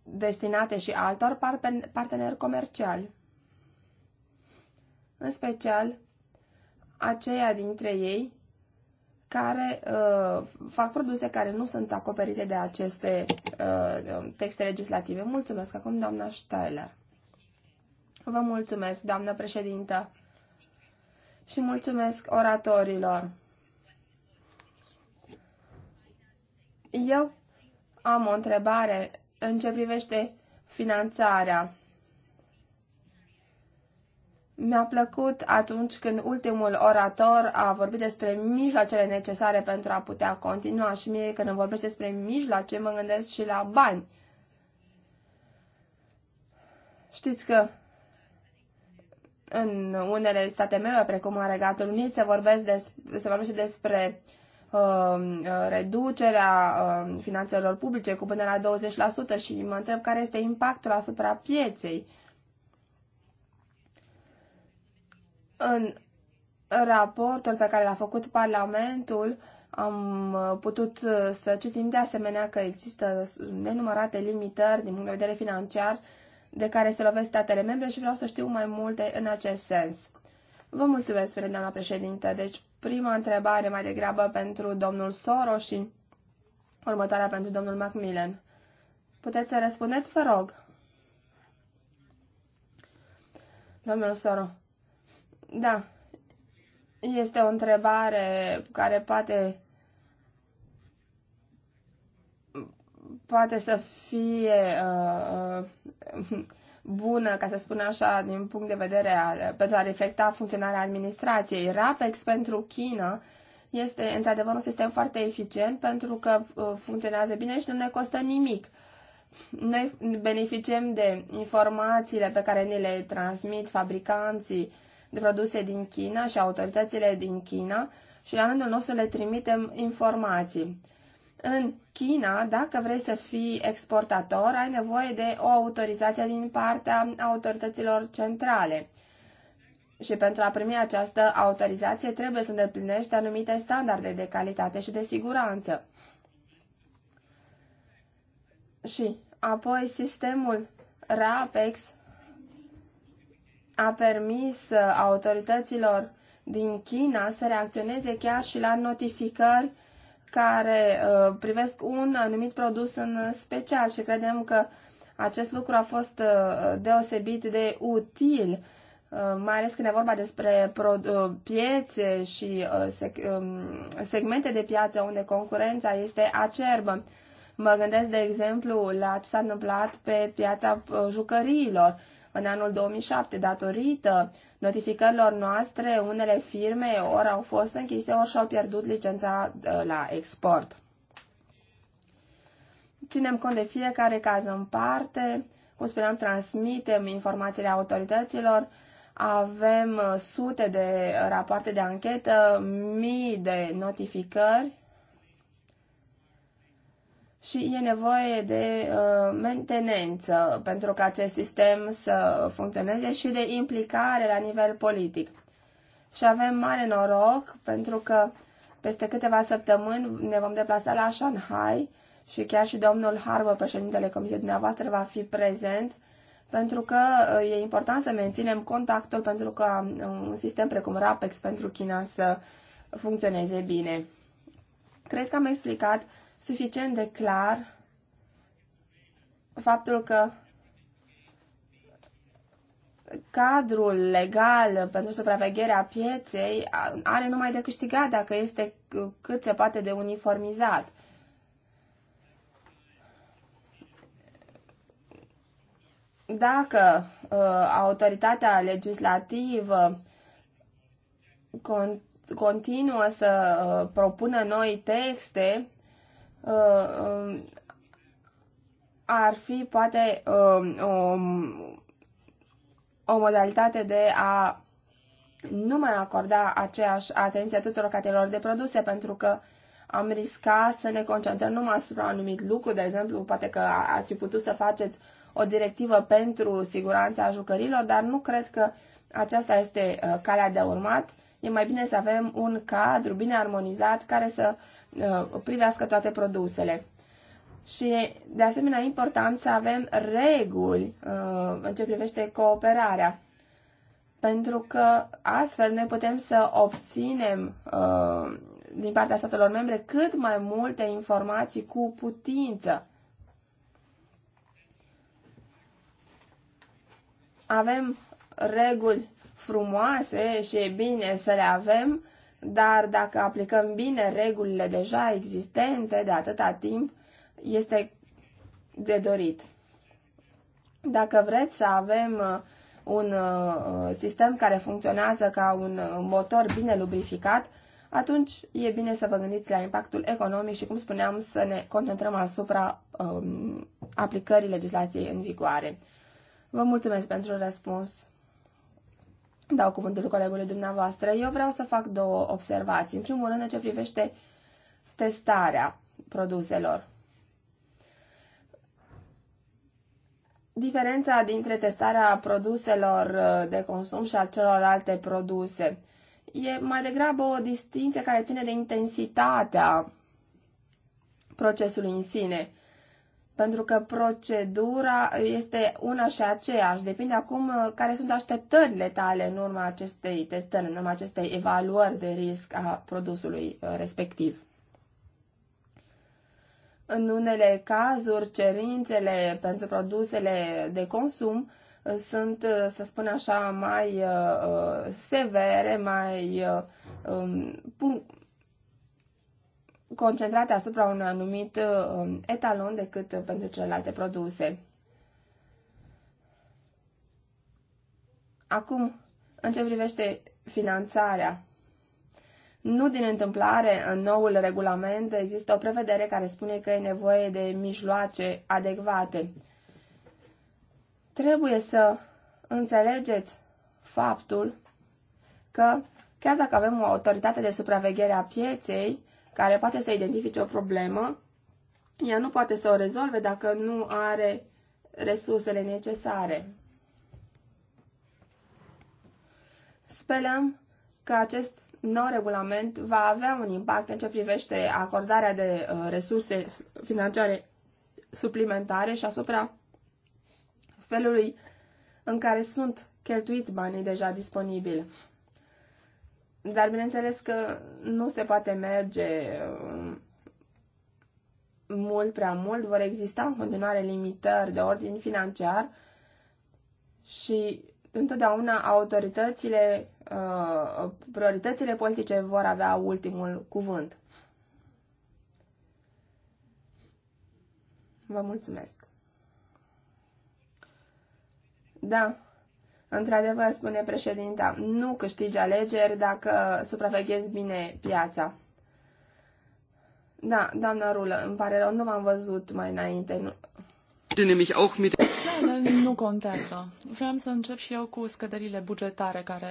[SPEAKER 3] destinate și altor parteneri comerciali? În special, aceia dintre ei care uh, fac produse care nu sunt acoperite de aceste uh, texte legislative. Mulțumesc acum, doamna Steiler. Vă mulțumesc, doamnă președintă, și mulțumesc oratorilor. Eu am o întrebare în ce privește finanțarea. Mi-a plăcut atunci când ultimul orator a vorbit despre mijloacele necesare pentru a putea continua și mie când îmi vorbește despre mijloace mă gândesc și la bani. Știți că în unele state membre, precum în Regatul Unit, se, vorbesc des, se vorbește despre Um, uh, reducerea um, finanțelor publice cu până la 20% și mă întreb care este impactul asupra pieței. În raportul pe care l-a făcut Parlamentul, am uh, putut uh, să citim de asemenea că există nenumărate limitări din punct de vedere financiar de care se lovesc statele membre și vreau să știu mai multe în acest sens. Vă mulțumesc, doamna președintă. Deci, Prima întrebare mai degrabă pentru domnul Soros și următoarea pentru domnul Macmillan. Puteți să răspundeți, vă rog. Domnul Soros. Da. Este o întrebare care poate poate să fie uh, uh bună, ca să spun așa, din punct de vedere a, pentru a reflecta funcționarea administrației. RAPEX pentru China este într-adevăr un sistem foarte eficient pentru că uh, funcționează bine și nu ne costă nimic. Noi beneficiem de informațiile pe care ne le transmit fabricanții de produse din China și autoritățile din China și la rândul nostru le trimitem informații. În China, dacă vrei să fii exportator, ai nevoie de o autorizație din partea autorităților centrale. Și pentru a primi această autorizație trebuie să îndeplinești anumite standarde de calitate și de siguranță. Și apoi sistemul RAPEX a permis uh, autorităților din China să reacționeze chiar și la notificări care uh, privesc un anumit produs în special și credem că acest lucru a fost uh, deosebit de util, uh, mai ales când e vorba despre uh, piețe și uh, um, segmente de piață unde concurența este acerbă. Mă gândesc, de exemplu, la ce s-a întâmplat pe piața uh, jucăriilor în anul 2007, datorită notificărilor noastre, unele firme ori au fost închise, ori și-au pierdut licența ă, la export. Ținem cont de fiecare caz în parte, cum spuneam, transmitem informațiile autorităților, avem ă, sute de rapoarte de anchetă, mii de notificări și e nevoie de uh, mentenență pentru ca acest sistem să funcționeze și de implicare la nivel politic. Și avem mare noroc pentru că peste câteva săptămâni ne vom deplasa la Shanghai și chiar și domnul Harbour, președintele comisiei dumneavoastră, va fi prezent pentru că uh, e important să menținem contactul pentru ca un sistem precum RAPEX pentru China să funcționeze bine. Cred că am explicat suficient de clar faptul că cadrul legal pentru supravegherea pieței are numai de câștigat dacă este cât se poate de uniformizat. Dacă uh, autoritatea legislativă con- continuă să uh, propună noi texte, Uh, um, ar fi poate um, o, o modalitate de a nu mai acorda aceeași atenție tuturor categoriilor de produse, pentru că am riscat să ne concentrăm numai asupra anumit lucru, de exemplu, poate că ați putut să faceți o directivă pentru siguranța jucărilor, dar nu cred că aceasta este uh, calea de urmat e mai bine să avem un cadru bine armonizat care să uh, privească toate produsele. Și, de asemenea, e important să avem reguli uh, în ce privește cooperarea. Pentru că astfel noi putem să obținem uh, din partea statelor membre cât mai multe informații cu putință. Avem reguli frumoase și e bine să le avem, dar dacă aplicăm bine regulile deja existente de atâta timp, este de dorit. Dacă vreți să avem uh, un uh, sistem care funcționează ca un uh, motor bine lubrificat, atunci e bine să vă gândiți la impactul economic și, cum spuneam, să ne concentrăm asupra um, aplicării legislației în vigoare. Vă mulțumesc pentru răspuns dau cuvântul colegului dumneavoastră. Eu vreau să fac două observații. În primul rând, în ce privește testarea produselor. Diferența dintre testarea produselor uh, de consum și a celorlalte produse e mai degrabă o distinție care ține de intensitatea procesului în sine pentru că procedura este una și aceeași. Depinde acum uh, care sunt așteptările tale în urma acestei testări, în urma acestei evaluări de risc a produsului uh, respectiv. În unele cazuri, cerințele pentru produsele de consum uh, sunt, să spun așa, mai severe, mai um, concentrate asupra unui anumit um, etalon decât uh, pentru celelalte produse. Acum, în ce privește finanțarea, nu din întâmplare, în noul regulament există o prevedere care spune că e nevoie de mijloace adecvate. Trebuie să înțelegeți faptul că, chiar dacă avem o autoritate de supraveghere a pieței, care poate să identifice o problemă, ea nu poate să o rezolve dacă nu are resursele necesare. Sperăm că acest nou regulament va avea un impact în ce privește acordarea de uh, resurse financiare suplimentare și asupra felului în care sunt cheltuiți banii deja disponibili. Dar bineînțeles că nu se poate merge um, mult prea mult, vor exista în continuare limitări de ordin financiar și întotdeauna autoritățile, uh, prioritățile politice vor avea ultimul cuvânt. Vă mulțumesc! Da, Într-adevăr, spune președinta, nu câștigi alegeri dacă supraveghezi bine piața. Da, doamna Rulă, îmi pare rău, nu v-am văzut mai înainte. Nu...
[SPEAKER 2] Da, dar nu contează. Vreau să încep și eu cu scăderile bugetare care,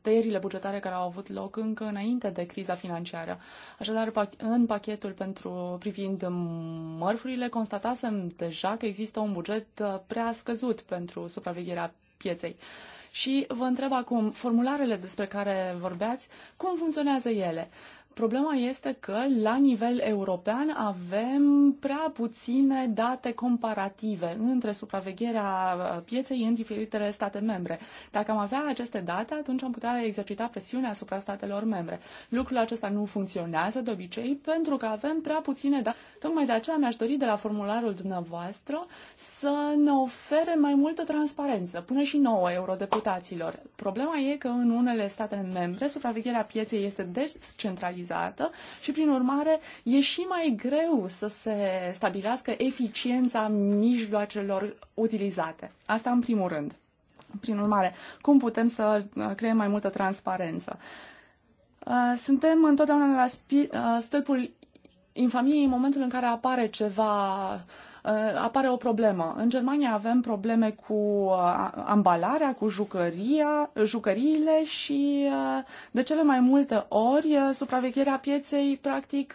[SPEAKER 2] tăierile bugetare care au avut loc încă înainte de criza financiară. Așadar, în pachetul pentru privind mărfurile, constatasem deja că există un buget uh, prea scăzut pentru supravegherea pieței. Și vă întreb acum, formularele despre care vorbeați, cum funcționează ele? Problema este că la nivel european avem prea puține date comparative între supravegherea pieței în diferitele state membre. Dacă am avea aceste date, atunci am putea exercita presiunea asupra statelor membre. Lucrul acesta nu funcționează de obicei pentru că avem prea puține date. Tocmai de aceea mi-aș dori de la formularul dumneavoastră să ne ofere mai multă transparență, până și nouă eurodeputaților. Problema e că în unele state membre supravegherea pieței este descentralizată centralizată și, prin urmare, e și mai greu să se stabilească eficiența mijloacelor utilizate. Asta în primul rând. Prin urmare, cum putem să uh, creăm mai multă transparență? Uh, suntem întotdeauna la uh, stâlpul infamiei în momentul în care apare ceva uh, Uh, apare o problemă. În Germania avem probleme cu uh, ambalarea, cu jucăria, jucăriile și uh, de cele mai multe ori supravegherea pieței practic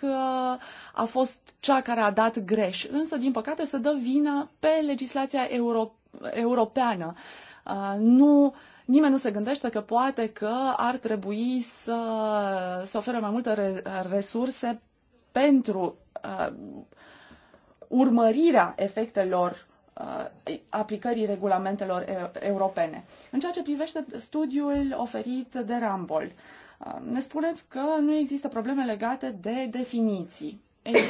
[SPEAKER 2] a fost cea care a dat greș. Însă, din păcate, se dă vina pe legislația euro- europeană. Nu nimeni nu se gândește că poate că ar trebui să, să ofere mai multe re- resurse pentru uh, urmărirea efectelor uh, aplicării regulamentelor uh, europene. În ceea ce privește studiul oferit de Rambol, uh, ne spuneți că nu există probleme legate de definiții. Ei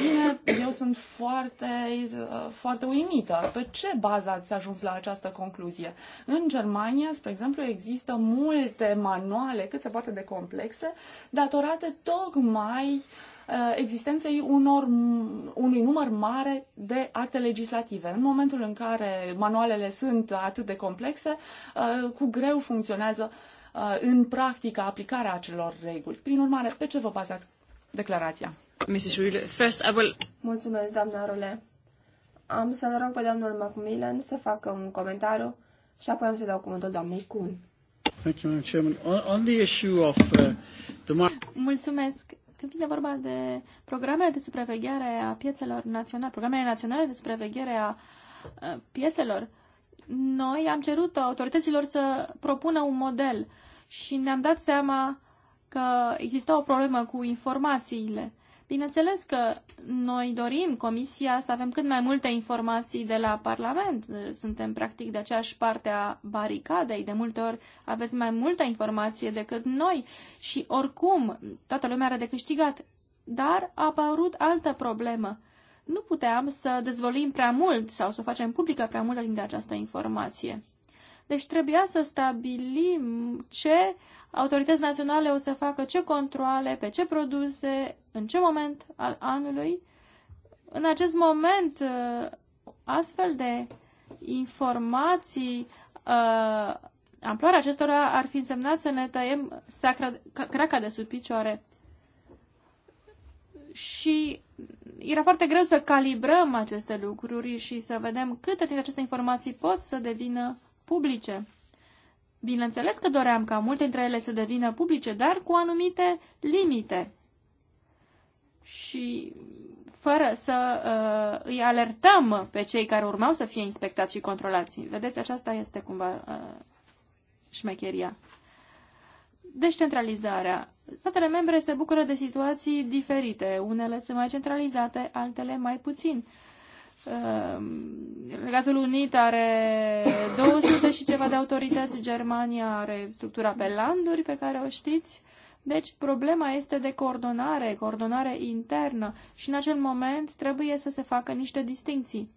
[SPEAKER 2] bine, eu sunt foarte, uh, foarte uimită. Pe ce bază ați ajuns la această concluzie? În Germania, spre exemplu, există multe manuale cât se poate de complexe, datorate tocmai uh, existenței unor, unui număr mare de acte legislative. În momentul în care manualele sunt atât de complexe, uh, cu greu funcționează în practică aplicarea acelor reguli. Prin urmare, pe ce vă bazați declarația?
[SPEAKER 1] Mrs. Rühle. First, I will...
[SPEAKER 3] Mulțumesc, doamna Rule.
[SPEAKER 2] Am să-l rog pe
[SPEAKER 3] domnul Macmillan să facă un comentariu și apoi am să dau cuvântul doamnei Kuhn. Thank you, Chairman. On, on the issue of uh, the
[SPEAKER 1] Mulțumesc. Când vine vorba de programele de supraveghere a piețelor naționale, programele naționale de supraveghere a uh, piețelor, noi am cerut autorităților să propună un model și ne-am dat seama că exista o problemă cu informațiile. Bineînțeles că noi dorim, Comisia, să avem cât mai multe informații de la Parlament. Suntem practic de aceeași parte a baricadei. De multe ori aveți mai multă informație decât noi și oricum toată lumea are de câștigat. Dar a apărut altă problemă. Nu puteam să dezvolim prea mult sau să facem publică prea multă din această informație. Deci trebuia să stabilim ce uh, autorități naționale o să facă ce controle, pe ce produse, în ce moment al anului. În acest moment, uh, astfel de informații, uh, amploarea acestora ar fi însemnat să ne tăiem sacra, craca de sub picioare. Și era foarte greu să calibrăm aceste lucruri și să vedem câte dintre aceste informații pot să devină publice. Bineînțeles că doream ca multe dintre ele să devină publice, dar cu anumite limite. Și fără să uh, îi alertăm pe cei care urmau să fie inspectați și controlați. Vedeți, aceasta este cumva uh, șmecheria. Decentralizarea. Statele membre se bucură de situații diferite. Unele sunt mai centralizate, altele mai puțin. Uh, Ehm, Regatul Unit are 200 și ceva de autorități, Germania are structura pe landuri pe care o știți. Deci problema este de coordonare, coordonare internă și în acel moment trebuie să se facă niște distinții.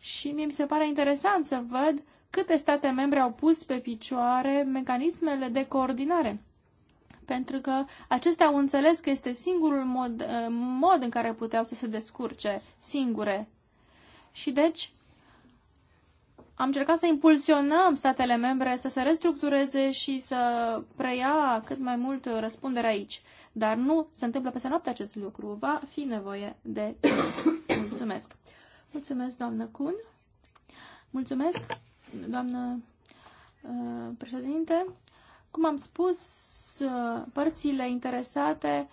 [SPEAKER 1] Și mie mi se pare interesant să văd câte state membre au pus pe picioare mecanismele de coordinare. Pentru că acestea au înțeles că este singurul mod, eh, mod în care puteau să se descurce singure și deci am încercat să impulsionăm statele membre să se restructureze și să preia cât mai mult răspundere aici. Dar nu se întâmplă peste noapte acest lucru. Va fi nevoie de... Mulțumesc. Mulțumesc, doamnă Kun. Mulțumesc, doamnă uh, președinte. Cum am spus, uh, părțile interesate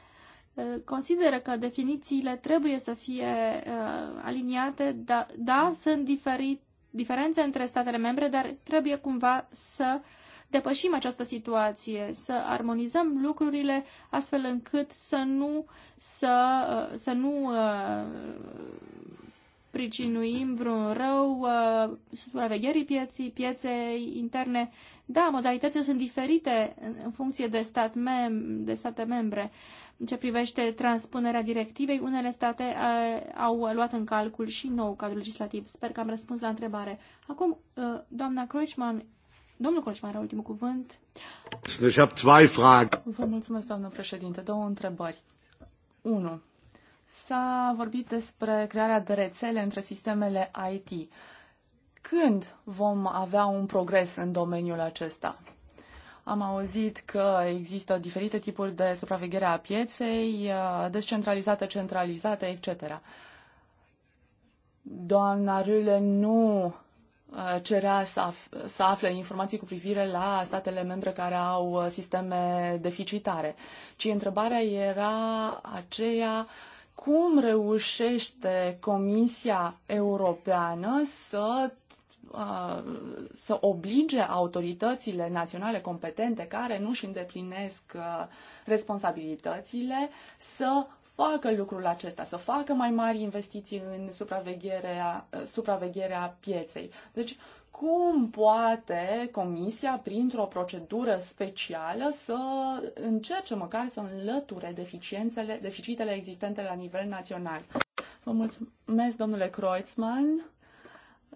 [SPEAKER 1] Uh, consideră că definițiile trebuie să fie uh, aliniate, da, da sunt diferite diferențe între statele membre, dar trebuie cumva să depășim această situație, să armonizăm lucrurile astfel încât să nu, să, uh, să nu pricinuim vreun rău uh, supravegherii pieții, pieței interne. Da, modalitățile sunt diferite în funcție de, stat mem- de state membre. În ce privește transpunerea directivei, unele state uh, au luat în calcul și nou cadrul legislativ. Sper că am răspuns la întrebare. Acum, uh, doamna Kreutzmann, Domnul Colci are ultimul cuvânt. Deci, Vă mulțumesc, doamnă președinte. Două întrebări. Unu.
[SPEAKER 2] S-a vorbit despre crearea de rețele între sistemele IT. Când vom avea un progres în domeniul acesta? Am auzit că există diferite tipuri de supraveghere a pieței, uh, descentralizate, centralizate, etc. Doamna Râle nu uh, cerea să, af- să afle informații cu privire la statele membre care au uh, sisteme deficitare, ci întrebarea era aceea cum reușește Comisia Europeană să uh, să oblige autoritățile naționale competente care nu și îndeplinesc uh, responsabilitățile să facă lucrul acesta, să facă mai mari investiții în supravegherea, uh, supravegherea pieței. Deci, cum poate Comisia, printr-o procedură specială, să încerce măcar să înlăture deficiențele, deficitele existente la nivel național. Vă mulțumesc, domnule Kreutzmann.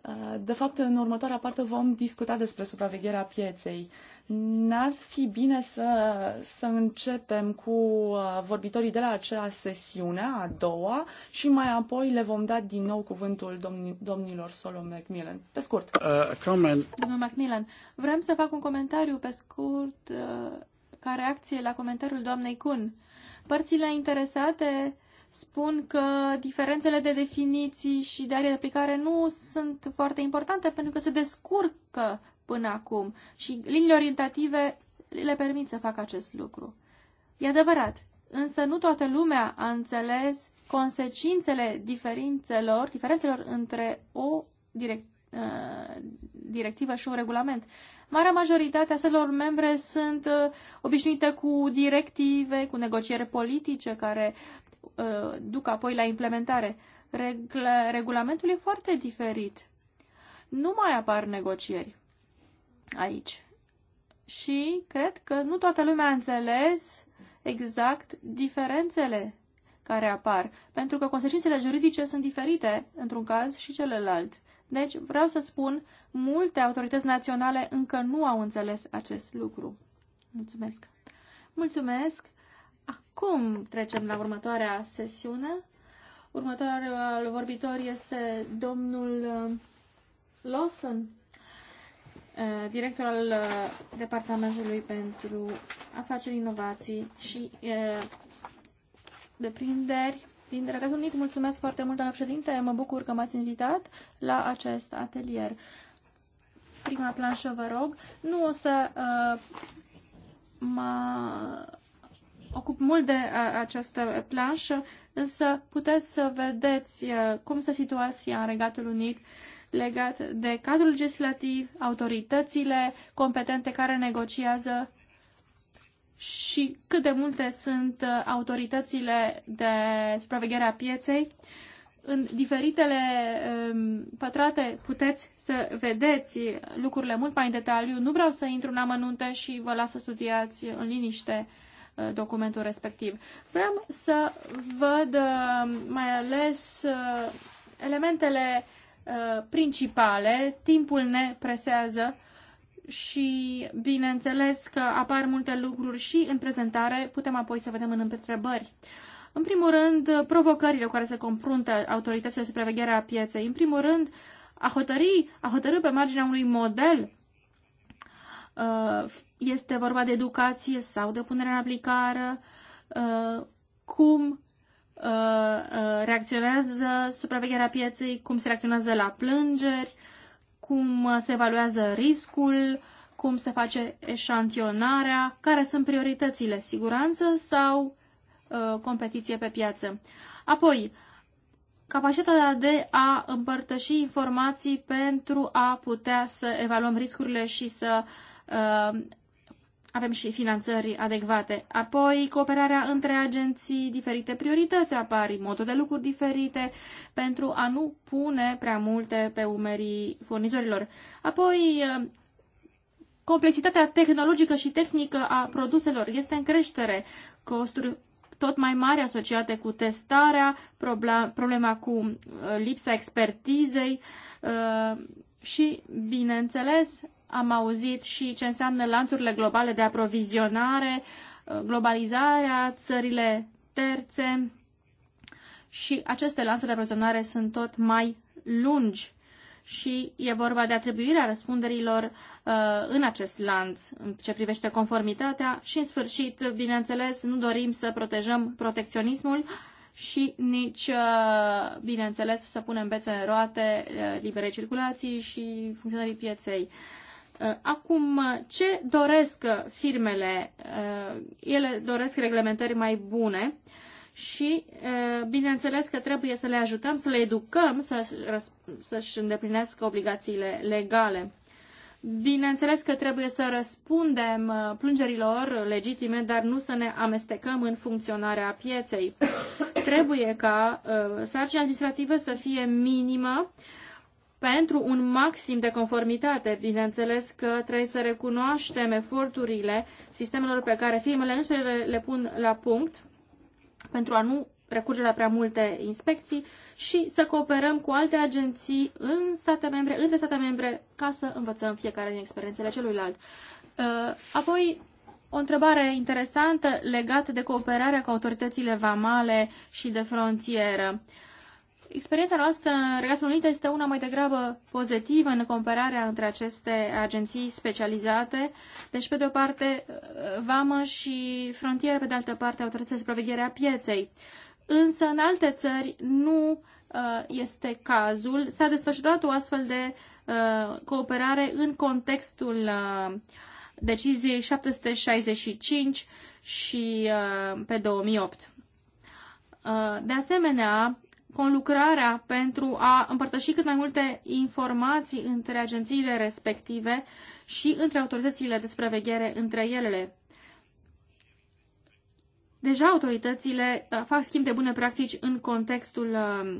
[SPEAKER 2] Uh, de fapt, în următoarea parte vom discuta despre supravegherea pieței. N-ar fi bine să, să începem cu uh, vorbitorii de la acea sesiune, a doua, și mai apoi le vom da din nou cuvântul domni, domnilor Solo Macmillan. Pe scurt. Uh,
[SPEAKER 1] Domnul Macmillan, vreau să fac un comentariu pe scurt uh, ca reacție la comentariul doamnei Kun. Părțile interesate spun că diferențele de definiții și de aplicare nu sunt foarte importante pentru că se descurcă până acum și liniile orientative le permit să facă acest lucru. E adevărat, însă nu toată lumea a înțeles consecințele diferențelor, diferențelor între o direct, uh, directivă și un regulament. Marea majoritate a statelor membre sunt uh, obișnuite cu directive, cu negocieri politice care uh, duc apoi la implementare. Regl regulamentul e foarte diferit. Nu mai apar negocieri aici. Și cred că nu toată lumea a înțeles exact diferențele care apar, pentru că consecințele juridice sunt diferite într-un caz și celălalt. Deci, vreau să spun, multe autorități naționale încă nu au înțeles acest lucru. Mulțumesc! Mulțumesc! Acum trecem la următoarea sesiune. Următorul vorbitor este domnul uh, Lawson. Eh, director al eh, Departamentului pentru Afaceri, Inovații și eh, Deprinderi din Dragatul Unit. Mulțumesc foarte mult, doamna președinte. Mă bucur că m-ați invitat la acest atelier. Prima planșă, vă rog. Nu o să mă ocup mult de această planșă, însă puteți să vedeți cum este situația în Regatul Unit legat de cadrul legislativ, autoritățile competente care negociază și cât de multe sunt autoritățile de supraveghere a pieței. În diferitele um, pătrate puteți să vedeți lucrurile mult mai în detaliu. Nu vreau să intru în amănunte și vă las să studiați în liniște uh, documentul respectiv. Vreau să văd uh, mai ales uh, elementele Uh, principale. Timpul ne presează și bineînțeles că apar multe lucruri și în prezentare, putem apoi să vedem în întrebări. În primul rând, provocările cu care se confruntă autoritățile de supraveghere a pieței. În primul rând, a hotărâi, a hotărâ pe marginea unui model uh, este vorba de educație sau de punere în aplicare, uh, cum Uh, uh, reacționează supravegherea pieței, cum se reacționează la plângeri, cum se evaluează riscul, cum se face eșantionarea, care sunt prioritățile, siguranță sau uh, competiție pe piață. Apoi, capacitatea de a împărtăși informații pentru a putea să evaluăm riscurile și să uh, avem și finanțări adecvate. Apoi, cooperarea între agenții, diferite priorități apar, moduri de lucruri diferite, pentru a nu pune prea multe pe umerii furnizorilor. Apoi, eh, complexitatea tehnologică și tehnică a produselor este în creștere, costuri tot mai mari asociate cu testarea, problema cu eh, lipsa expertizei eh, și, bineînțeles, am auzit și ce înseamnă lanțurile globale de aprovizionare, globalizarea, țările terțe și aceste lanțuri de aprovizionare sunt tot mai lungi și e vorba de atribuirea răspunderilor uh, în acest lanț în ce privește conformitatea și, în sfârșit, bineînțeles, nu dorim să protejăm protecționismul și nici, uh, bineînțeles, să punem bețe în roate uh, libere circulații și funcționării pieței. Uh, Uh, acum, ce doresc firmele? Uh, ele doresc reglementări mai bune și, uh, bineînțeles, că trebuie să le ajutăm, să le educăm să-și îndeplinească obligațiile legale. Bineînțeles că trebuie să răspundem plângerilor legitime, dar nu să ne amestecăm în funcționarea pieței. trebuie ca sarcina administrativă să fie minimă, pentru un maxim de conformitate. Bineînțeles că trebuie să recunoaștem eforturile sistemelor pe care firmele însele le pun la punct pentru a nu recurge la prea multe inspecții și să cooperăm cu alte agenții în state membre, între state membre, ca să învățăm fiecare din experiențele celuilalt. Uh, apoi, o întrebare interesantă legată de cooperarea cu autoritățile vamale și de frontieră. Uh, Experiența noastră în Regatul Unit este una mai degrabă pozitivă în compararea între aceste agenții specializate. Deci, pe de o parte, vamă și frontieră, pe de altă parte, autoritatea de supraveghere a pieței. Însă, în alte țări, nu uh, este cazul. S-a desfășurat o astfel de uh, cooperare în contextul uh, deciziei 765 și pe 2008. De asemenea, conlucrarea pentru a împărtăși cât mai multe informații între agențiile respective și între autoritățile de supraveghere între ele. Deja autoritățile uh, fac schimb de bune practici în contextul uh,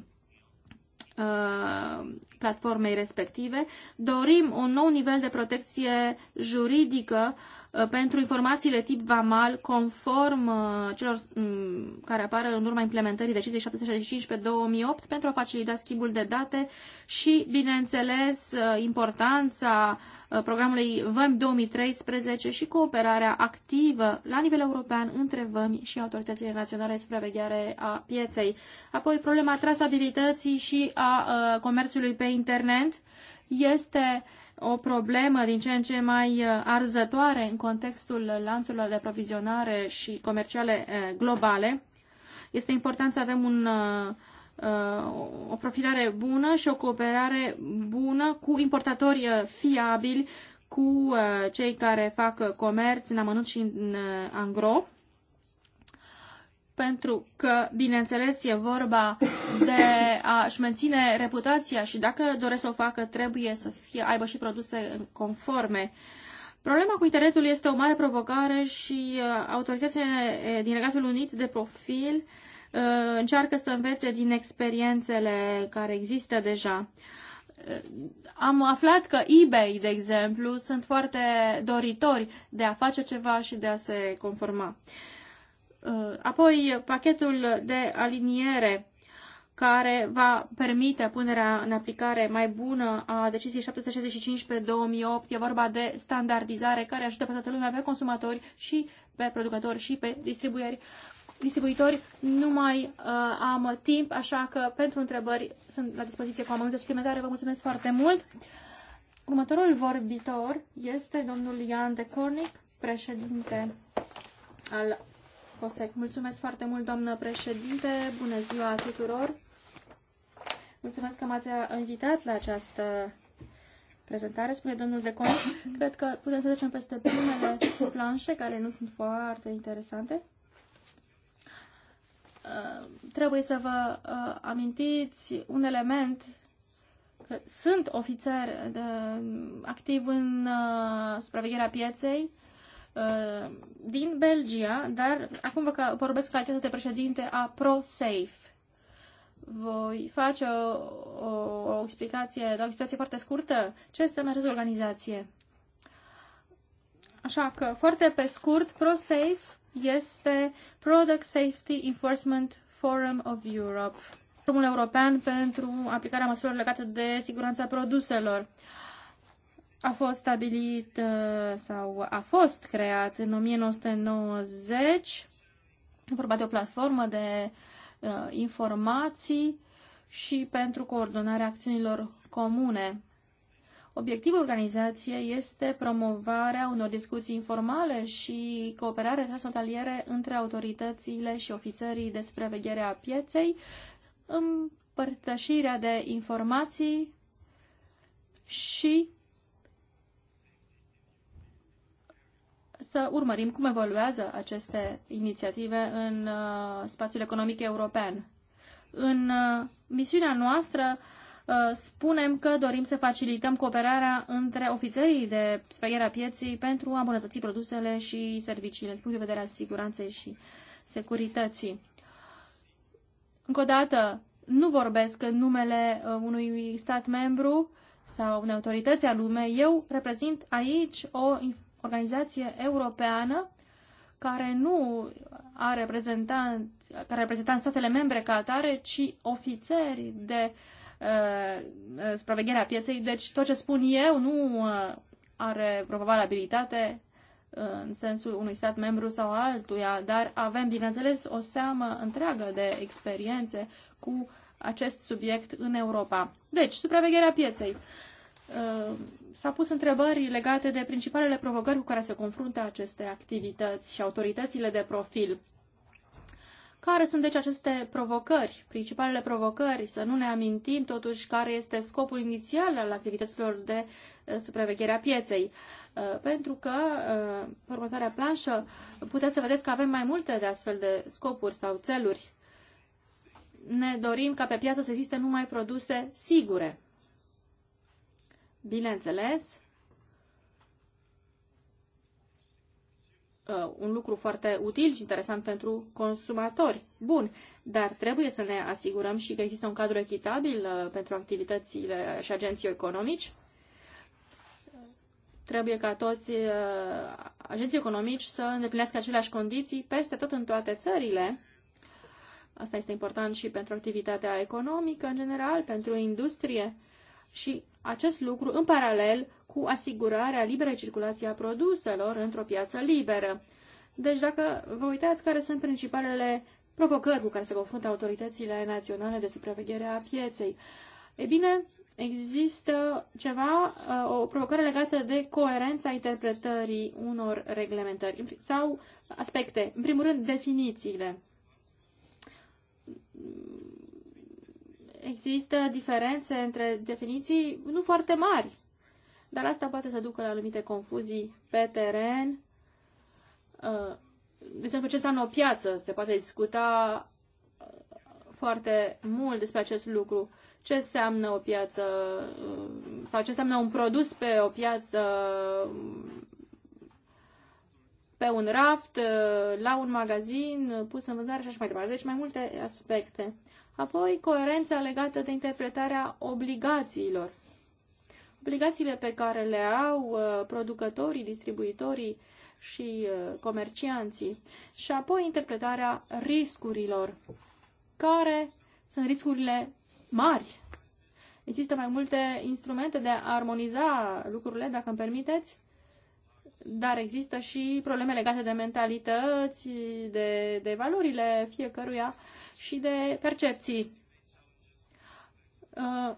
[SPEAKER 1] uh, platformei respective. Dorim un nou nivel de protecție juridică uh, pentru informațiile tip VAMAL conform uh, celor mm, care apar în urma implementării deciziei 765 pe 2008 pentru a facilita schimbul de date și, bineînțeles, uh, importanța programului VAM 2013 și cooperarea activă la nivel european între VAM și autoritățile naționale de supraveghere a pieței. Apoi, problema trasabilității și a comerțului pe internet este o problemă din ce în ce mai uh, arzătoare în contextul lanțurilor de provizionare și comerciale uh, globale. Este important să avem un, uh, o profilare bună și o cooperare bună cu importatori fiabili, cu cei care fac comerț în amănunt și în angro pentru că, bineînțeles, e vorba de a-și menține reputația și dacă doresc să o facă, trebuie să fie, aibă și produse conforme. Problema cu internetul este o mare provocare și uh, autoritățile eh, din Regatul Unit de profil uh, încearcă să învețe din experiențele care există deja. Uh, am aflat că eBay, de exemplu, sunt foarte doritori de a face ceva și de a se conforma. Uh, Uh, apoi, pachetul de aliniere care va permite punerea în aplicare mai bună a deciziei 765 pe 2008. E vorba de standardizare care ajută pe toată lumea, pe consumatori și pe producători și pe distribuitori. distribuitori. Nu mai uh, am timp, așa că pentru întrebări sunt la dispoziție cu amănunte suplimentare. Vă mulțumesc foarte mult! Următorul vorbitor este domnul Ian de Cornic, președinte al Cosec. Mulțumesc foarte mult, doamnă președinte. Bună ziua tuturor. Mulțumesc că m-ați invitat la această prezentare, spune domnul de Con. Cred că putem să trecem peste primele planșe, care nu sunt foarte interesante. Uh, trebuie să vă uh, amintiți un element că sunt ofițer de, uh, activ în uh, supravegherea pieței, uh, Uh, din Belgia, dar acum vă vorbesc ca de președinte a ProSafe. Voi face o, o, o explicație, o explicație foarte scurtă. Ce înseamnă această organizație? Așa că, foarte pe scurt, ProSafe este Product Safety Enforcement Forum of Europe, Forumul European pentru aplicarea măsurilor legate de siguranța produselor. Uh, a fost stabilit uh, sau a fost creat în 1990, vorba de o platformă de uh, informații și pentru coordonarea acțiunilor comune. Obiectivul organizației este promovarea unor discuții informale și cooperare transfrontaliere între autoritățile și ofițerii de supraveghere a pieței, împărtășirea de informații și să urmărim cum evoluează aceste inițiative în uh, spațiul economic european. În uh, misiunea noastră uh, spunem că dorim să facilităm cooperarea între ofițerii de supraveghere a pieții pentru a îmbunătăți produsele și serviciile din punct de vedere al siguranței și securității. Încă o dată, nu vorbesc în numele unui stat membru sau unei autorități a lumei. Eu reprezint aici o organizație europeană care nu a reprezentanți, care reprezentant statele membre ca atare, ci ofițeri de uh, uh a pieței. Deci tot ce spun eu nu uh, are vreo valabilitate uh, în sensul unui stat membru sau altuia, dar avem, bineînțeles, o seamă întreagă de experiențe cu acest subiect în Europa. Deci, supravegherea pieței. Uh, Uh, s-a pus întrebări legate de principalele provocări cu care se confruntă aceste activități și autoritățile de profil. Care sunt deci aceste provocări, principalele provocări? Să nu ne amintim totuși care este scopul inițial al activităților de uh, supraveghere a pieței. Uh, pentru că, pe următoarea planșă, puteți să vedeți că avem mai multe de astfel de scopuri sau țeluri. Ne dorim ca pe piață să existe numai produse sigure Bineînțeles, uh, un lucru foarte util și interesant pentru consumatori. Bun, dar trebuie să ne asigurăm și că există un cadru echitabil uh, pentru activitățile și agenții economici. Trebuie ca toți uh, agenții economici să îndeplinească aceleași condiții peste tot în toate țările. Asta este important și pentru activitatea economică în general, pentru industrie și acest lucru în paralel cu asigurarea liberei circulației a produselor într-o piață liberă. Deci dacă vă uitați care sunt principalele provocări cu care se confruntă autoritățile naționale de supraveghere a pieței, e bine, există ceva, uh, o provocare legată de coerența interpretării unor reglementări sau aspecte. În primul rând, definițiile există diferențe între definiții nu foarte mari, dar asta poate să ducă la anumite confuzii pe teren. Uh, de exemplu, ce înseamnă o piață? Se poate discuta uh, foarte mult despre acest lucru. Ce înseamnă o piață uh, sau ce înseamnă un produs pe o piață pe un raft, la un magazin, pus în vânzare și așa mai departe. Deci mai multe aspecte. Apoi, coerența legată de interpretarea obligațiilor. Obligațiile pe care le au uh, producătorii, distribuitorii și uh, comercianții. Și apoi, interpretarea riscurilor. Care sunt riscurile mari? Există mai multe instrumente de a armoniza lucrurile, dacă îmi permiteți? dar există și probleme legate de mentalități, de, de valorile fiecăruia și de percepții. Uh,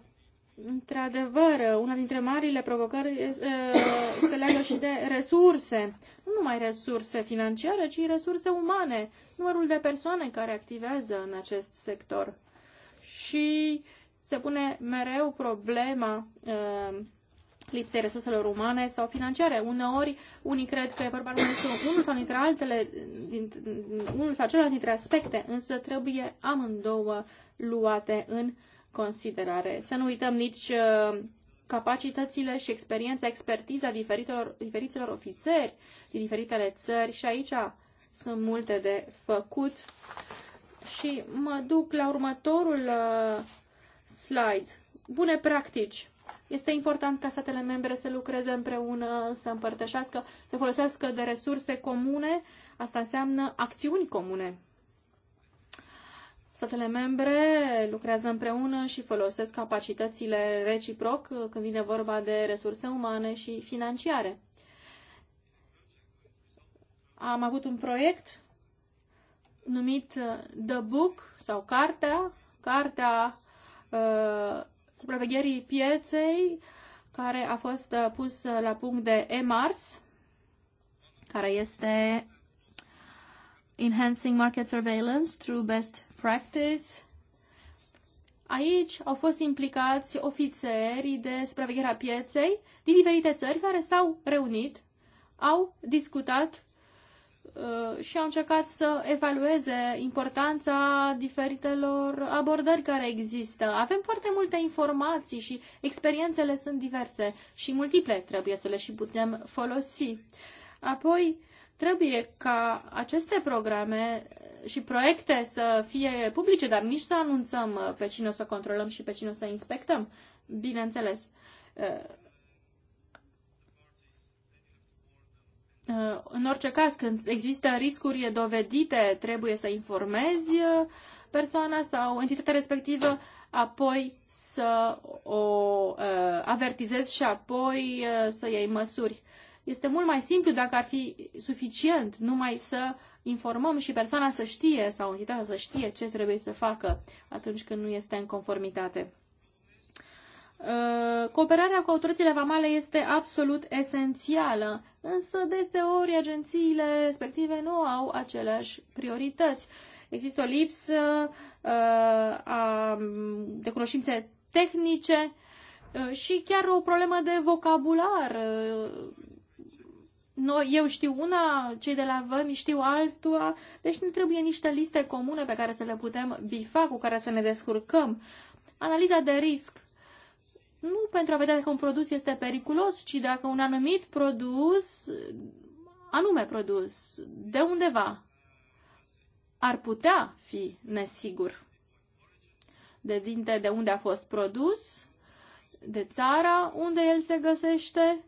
[SPEAKER 1] într-adevăr, una dintre marile provocări uh, se leagă și de resurse. Nu numai resurse financiare, ci resurse umane. Numărul de persoane care activează în acest sector. Și se pune mereu problema uh, lipsei resurselor umane sau financiare. Uneori, unii cred că e vorba numai despre unul sau dintre altele, din, unul sau celălalt dintre aspecte, însă trebuie amândouă luate în considerare. Să nu uităm nici uh, capacitățile și experiența, expertiza diferitelor, diferiților ofițeri din diferitele țări și aici sunt multe de făcut. Și mă duc la următorul uh, slide. Bune practici este important ca statele membre să lucreze împreună, să împărtășească, să folosească de resurse comune. Asta înseamnă acțiuni comune. Statele membre lucrează împreună și folosesc capacitățile reciproc când vine vorba de resurse umane și financiare. Am avut un proiect numit The Book sau Cartea, Cartea uh, supravegherii pieței, care a fost uh, pus uh, la punct de EMARS, care este Enhancing Market Surveillance Through Best Practice. Aici au fost implicați ofițeri de supraveghere a pieței din diferite țări care s-au reunit, au discutat Uh, și au încercat să evalueze importanța diferitelor abordări care există. Avem foarte multe informații și experiențele sunt diverse și multiple, trebuie să le și putem folosi. Apoi, trebuie ca aceste programe și proiecte să fie publice, dar nici să anunțăm pe cine o să controlăm și pe cine o să inspectăm, bineînțeles. Uh, Uh, în orice caz, când există riscuri dovedite, trebuie să informezi uh, persoana sau entitatea respectivă, apoi să o uh, avertizezi și apoi să iei măsuri. Este mult mai simplu dacă ar fi suficient numai să informăm și persoana să știe sau entitatea să știe ce trebuie să facă atunci când nu este în conformitate. Uh, cooperarea cu autoritățile vamale este absolut esențială, însă deseori agențiile respective nu au aceleași priorități. Există o lipsă uh, de cunoștințe tehnice uh, și chiar o problemă de vocabular. Noi, eu știu una, cei de la Vămi știu altua, deci nu trebuie niște liste comune pe care să le putem bifa, cu care să ne descurcăm. Analiza de risc nu pentru a vedea dacă un produs este periculos, ci dacă un anumit produs, anume produs, de undeva, ar putea fi nesigur. Devinte de unde a fost produs, de țara unde el se găsește,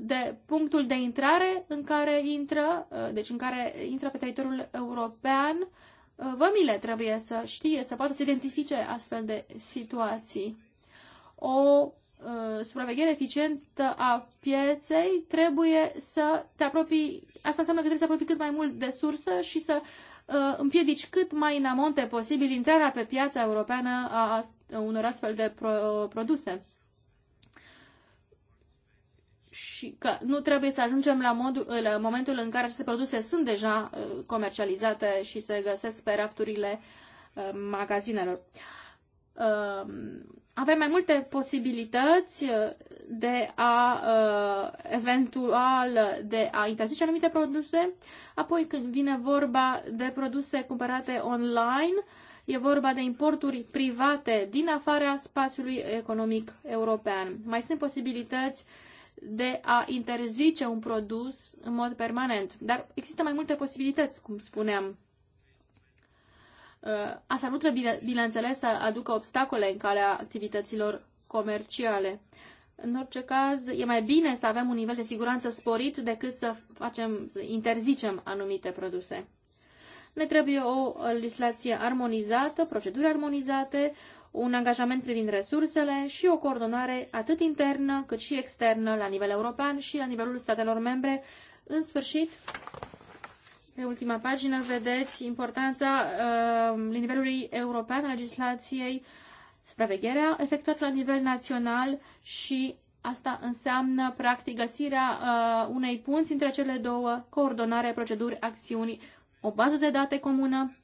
[SPEAKER 1] de punctul de intrare în care intră, deci în care intră pe teritoriul european, vămile trebuie să știe, să poată să identifice astfel de situații o uh, supraveghere eficientă a pieței, trebuie să te apropii, asta înseamnă că trebuie să apropii cât mai mult de sursă și să uh, împiedici cât mai în amonte posibil intrarea pe piața europeană a unor astfel de pro- produse. Și că nu trebuie să ajungem la, modul, la momentul în care aceste produse sunt deja uh, comercializate și se găsesc pe rafturile uh, magazinelor avem mai multe posibilități uh, de a uh, eventual de a interzice anumite produse. Apoi când vine vorba de produse cumpărate online, e vorba de importuri private din afara spațiului economic european. Mai sunt posibilități de a interzice un produs în mod permanent, dar există mai multe posibilități, cum spuneam. Uh, asta nu trebuie, bineînțeles, să aducă obstacole în calea activităților comerciale. În orice caz, e mai bine să avem un nivel de siguranță sporit decât să facem, să interzicem anumite produse. Ne trebuie o legislație armonizată, proceduri armonizate, un angajament privind resursele și o coordonare atât internă cât și externă la nivel european și la nivelul statelor membre. În sfârșit, pe ultima pagină vedeți importanța uh, nivelului european a legislației, supravegherea efectuată la nivel național și asta înseamnă practic găsirea uh, unei punți între cele două, coordonare, proceduri, acțiuni, o bază de date comună.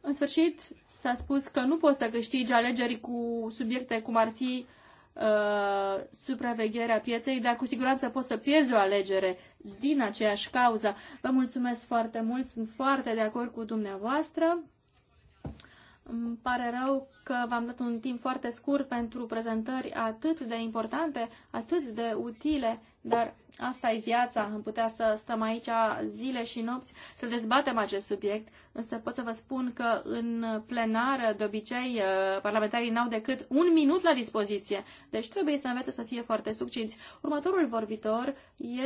[SPEAKER 1] În sfârșit, s-a spus că nu poți să câștigi alegeri cu subiecte cum ar fi uh, uh, supravegherea pieței, dar cu siguranță poți să pierzi o alegere din aceeași cauză. Vă mulțumesc foarte mult, sunt foarte de acord cu dumneavoastră. Îmi pare rău că v-am dat un timp foarte scurt pentru prezentări atât de importante, atât de utile, dar asta e viața. Am putea să stăm aici zile și nopți să dezbatem acest subiect, însă pot să vă spun că în plenară, de obicei, uh, parlamentarii n-au decât un minut la dispoziție, deci trebuie să învețe să fie foarte succinți. Următorul vorbitor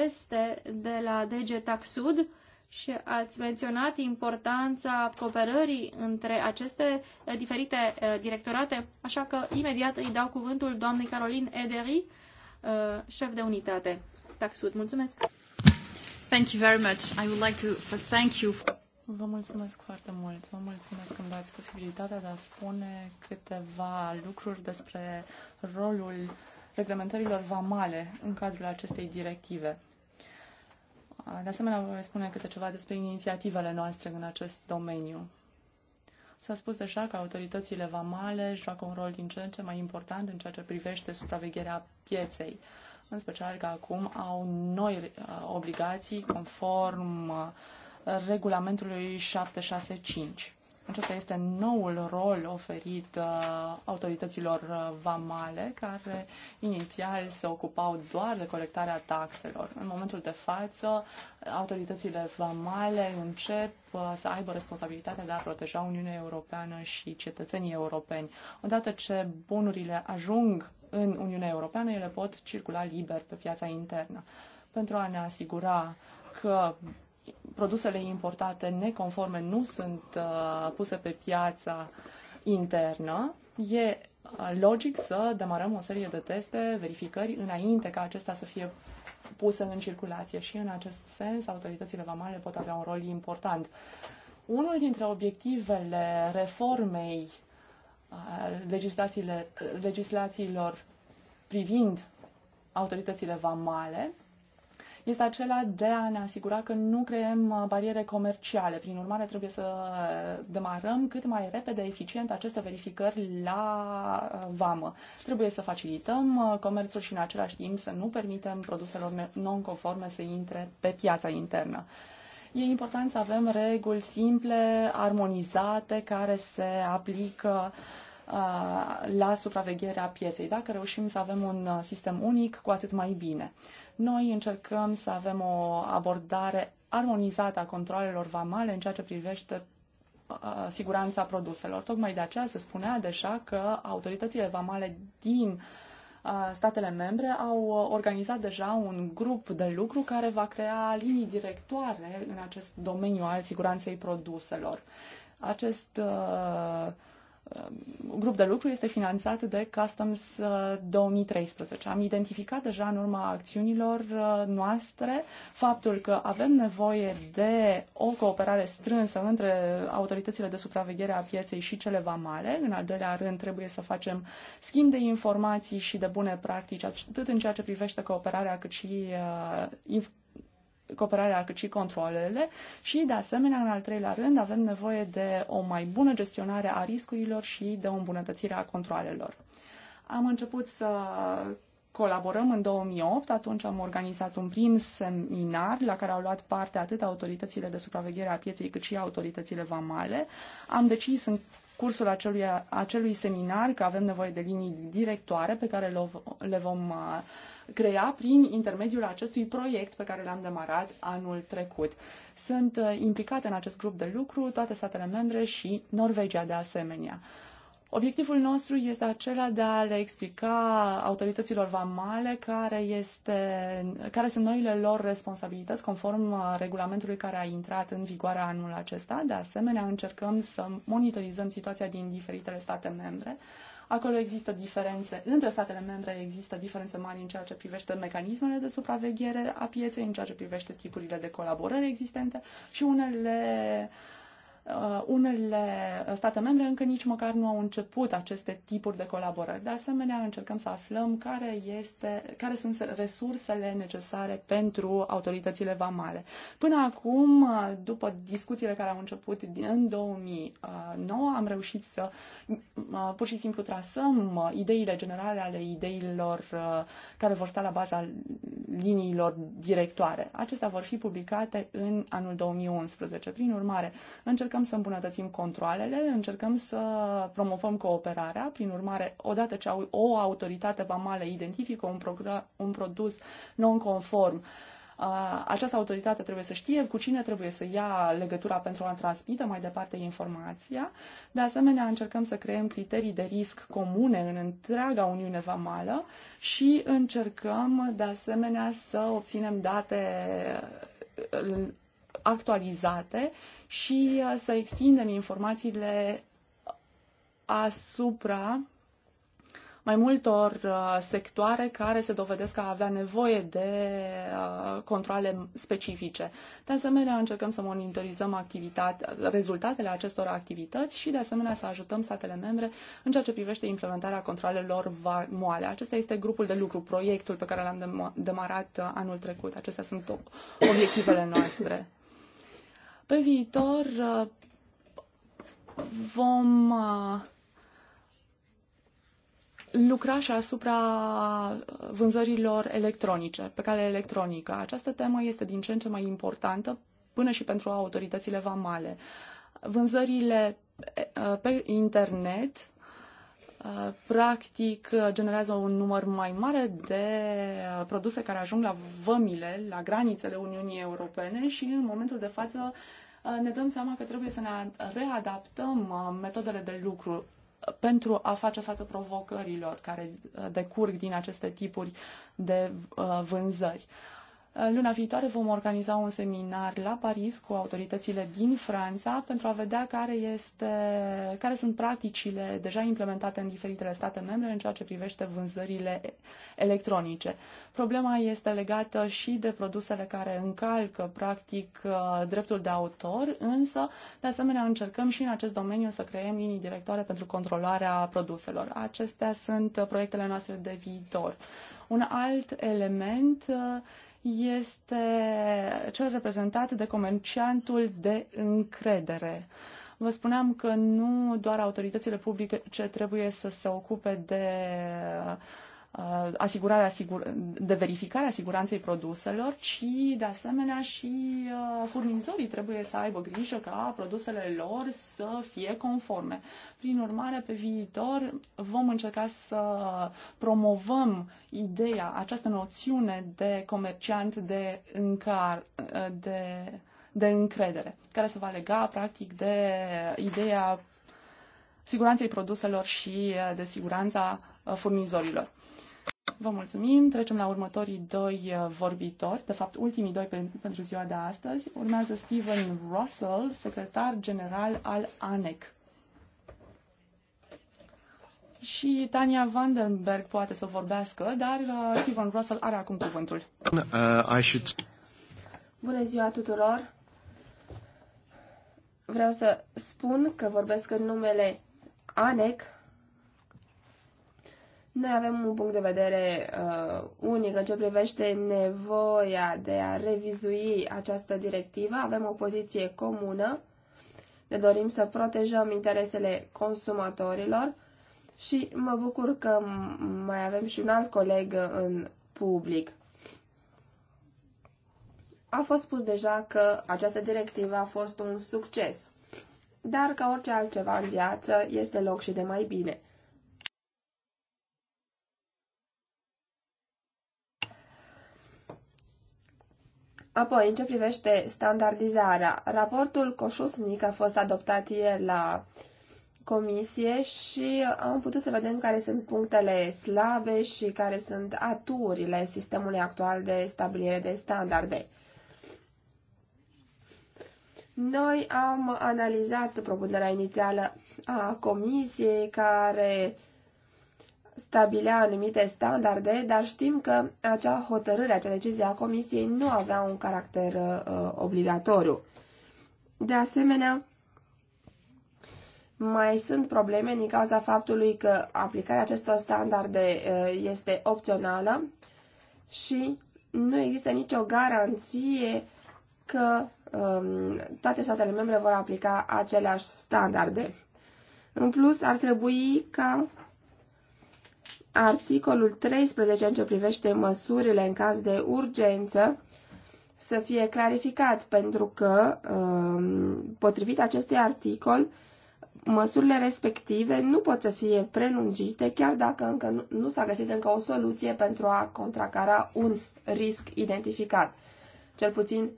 [SPEAKER 1] este de la DG Taxud, și ați menționat importanța cooperării între aceste eh, diferite eh, directorate, așa că imediat îi dau cuvântul doamnei Caroline Ederi, eh, șef de unitate. Taxud, mulțumesc! Thank you very much. I would like to thank you for...
[SPEAKER 2] Vă mulțumesc foarte mult. Vă mulțumesc că îmi dați posibilitatea de a spune câteva lucruri despre rolul reglementărilor vamale în cadrul acestei directive. De asemenea, vă voi spune câte ceva despre inițiativele noastre în acest domeniu. S-a spus deja că autoritățile vamale joacă un rol din ce în ce mai important în ceea ce privește supravegherea pieței, în special că acum au noi uh, obligații conform uh, regulamentului 765. Acesta este noul rol oferit uh, autorităților uh, vamale, care inițial se ocupau doar de colectarea taxelor. În momentul de față, autoritățile vamale încep uh, să aibă responsabilitatea de a proteja Uniunea Europeană și cetățenii europeni. Odată ce bunurile ajung în Uniunea Europeană, ele pot circula liber pe piața internă. Pentru a ne asigura că produsele importate neconforme nu sunt uh, puse pe piața internă, e uh, logic să demarăm o serie de teste, verificări, înainte ca acestea să fie puse în circulație și în acest sens autoritățile vamale pot avea un rol important. Unul dintre obiectivele reformei uh, legislațiilor privind autoritățile vamale este acela de a ne asigura că nu creăm uh, bariere comerciale. Prin urmare, trebuie să uh, demarăm cât mai repede, eficient aceste verificări la uh, vamă. Trebuie să facilităm comerțul și în același timp să nu permitem produselor non-conforme să intre pe piața internă e important să avem reguli simple, armonizate, care se aplică la supravegherea pieței. Dacă reușim să avem un sistem unic, cu atât mai bine. Noi încercăm să avem o abordare armonizată a controlelor vamale în ceea ce privește uh, siguranța produselor. Tocmai de aceea se spunea deja că autoritățile vamale din uh, statele membre au organizat deja un grup de lucru care va crea linii directoare în acest domeniu al siguranței produselor. Acest uh, Um, grup de lucru este finanțat de Customs 2013. Uh, Am identificat deja în urma acțiunilor uh, noastre faptul că avem nevoie de o cooperare strânsă între autoritățile de supraveghere a pieței și cele vamale. În al doilea rând, trebuie să facem schimb de informații și de bune practici, atât în ceea ce privește cooperarea, cât și uh, cooperarea cât și controlele și, de asemenea, în al treilea rând, avem nevoie de o mai bună gestionare a riscurilor și de o îmbunătățire a controlelor. Am început să colaborăm în 2008, atunci am organizat un prim seminar la care au luat parte atât autoritățile de supraveghere a pieței cât și autoritățile vamale. Am decis în cursul acelui, acelui seminar că avem nevoie de linii directoare pe care le vom uh, crea prin intermediul acestui proiect pe care l-am demarat anul trecut. Sunt uh, implicate în acest grup de lucru toate statele membre și Norvegia de asemenea. Obiectivul nostru este acela de a le explica autorităților vamale care, este, care sunt noile lor responsabilități conform uh, regulamentului care a intrat în vigoare anul acesta. De asemenea, încercăm să monitorizăm situația din diferitele state membre Acolo există diferențe între statele membre, există diferențe mari în ceea ce privește mecanismele de supraveghere a pieței, în ceea ce privește tipurile de colaborări existente și unele uh, Uh, unele state membre încă nici măcar nu au început aceste tipuri de colaborări. De asemenea, încercăm să aflăm care, este, care sunt resursele necesare pentru autoritățile vamale. Până acum, uh, după discuțiile care au început în 2009, am reușit să uh, pur și simplu trasăm ideile generale ale ideilor care vor sta la baza liniilor directoare. Acestea vor fi publicate în anul 2011. Prin urmare, încercăm încercăm să îmbunătățim controlele, încercăm să promovăm cooperarea. Prin urmare, odată ce o autoritate vamală identifică un, un produs non-conform, această autoritate trebuie să știe cu cine trebuie să ia legătura pentru a transmite mai departe informația. De asemenea, încercăm să creăm criterii de risc comune în întreaga Uniune Vamală și încercăm, de asemenea, să obținem date actualizate și uh, să extindem informațiile asupra mai multor uh, sectoare care se dovedesc a avea nevoie de uh, controle specifice. De asemenea, încercăm să monitorizăm activitatea, rezultatele acestor activități și, de asemenea, să ajutăm statele membre în ceea ce privește implementarea controlelor moale. Acesta este grupul de lucru, proiectul pe care l-am demarat anul trecut. Acestea sunt obiectivele noastre. Pe viitor uh, vom uh, lucra și asupra vânzărilor electronice, pe cale electronică. Această temă este din ce în ce mai importantă până și pentru autoritățile vamale. Vânzările uh, pe internet Uh, practic uh, generează un număr mai mare de uh, produse care ajung la vămile, la granițele Uniunii Europene și în momentul de față ne dăm seama că trebuie să ne readaptăm metodele de lucru pentru a face față provocărilor care decurg din aceste tipuri de vânzări. Luna viitoare vom organiza un seminar la Paris cu autoritățile din Franța pentru a vedea care, este, care sunt practicile deja implementate în diferitele state membre în ceea ce privește vânzările electronice. Problema este legată și de produsele care încalcă practic uh, dreptul de autor, însă de asemenea încercăm și în acest domeniu să creăm linii directoare pentru controlarea produselor. Acestea sunt proiectele noastre de viitor. Un alt element uh, este cel reprezentat de comerciantul de încredere. Vă spuneam că nu doar autoritățile publice trebuie să se ocupe de uh, Uh, asigurarea sigur, de verificarea siguranței produselor, ci de asemenea și uh, furnizorii trebuie să aibă grijă ca produsele lor să fie conforme. Prin urmare, pe viitor vom încerca să promovăm ideea, această noțiune de comerciant de, încar, uh, de, de încredere, care se va lega practic de ideea siguranței produselor și de siguranța furnizorilor. Vă mulțumim. Trecem la următorii doi uh, vorbitori, de fapt ultimii doi pentru ziua de astăzi. Urmează Steven Russell, secretar general al ANEC. Și Tania Vandenberg poate să vorbească, dar uh, Steven Russell are acum cuvântul. Uh, I should... Bună ziua tuturor!
[SPEAKER 3] Vreau să spun că vorbesc în numele ANEC, noi avem un punct de vedere uh, unic în ce privește nevoia de a revizui această directivă. Avem o poziție comună. Ne dorim să protejăm interesele consumatorilor și mă bucur că mai avem și un alt coleg în public. A fost spus deja că această directivă a fost un succes, dar ca orice altceva în viață este loc și de mai bine. Apoi, în ce privește standardizarea, raportul Coșusnic a fost adoptat ieri la comisie și am putut să vedem care sunt punctele slabe și care sunt aturile sistemului actual de stabilire de standarde. Noi am analizat propunerea inițială a comisiei care uh, stabilea anumite standarde, dar știm că acea hotărâre, acea decizie a comisiei nu avea un caracter uh, obligatoriu. De asemenea, mai sunt probleme din cauza faptului că aplicarea acestor standarde uh, este opțională și nu există nicio garanție că um, toate statele membre vor aplica aceleași standarde. În plus, ar trebui ca articolul 13 în ce privește măsurile în caz de urgență să fie clarificat, pentru că, um, potrivit acestui articol, măsurile respective nu pot să fie prelungite, chiar dacă încă nu, nu s-a găsit încă o soluție pentru a contracara un risc identificat, cel puțin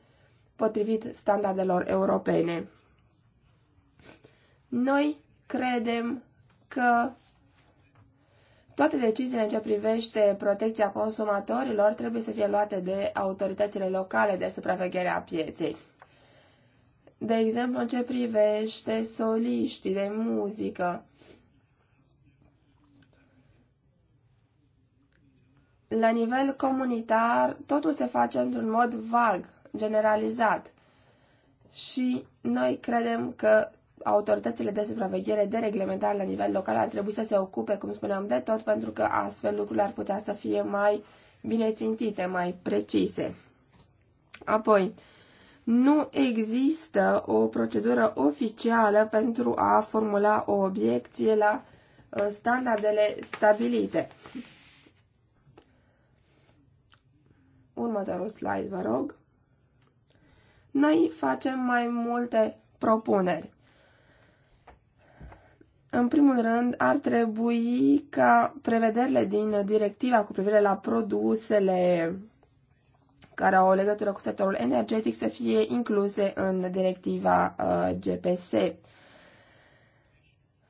[SPEAKER 3] potrivit standardelor europene. Noi credem că toate deciziile în ce privește protecția consumatorilor trebuie să fie luate de autoritățile locale de supraveghere a pieței. De exemplu, în ce privește soliștii de muzică, La nivel comunitar, totul se face într-un mod vag, generalizat. Și noi credem că autoritățile de supraveghere, de reglementare la nivel local ar trebui să se ocupe, cum spuneam, de tot, pentru că astfel lucrurile ar putea să fie mai bine țintite, mai precise. Apoi, nu există o procedură oficială pentru a formula o obiecție la uh, standardele stabilite. Următorul slide, vă rog. Noi facem mai multe propuneri. În primul rând, ar trebui ca prevederile din directiva cu privire la produsele care au o legătură cu sectorul energetic să fie incluse în directiva uh, GPS.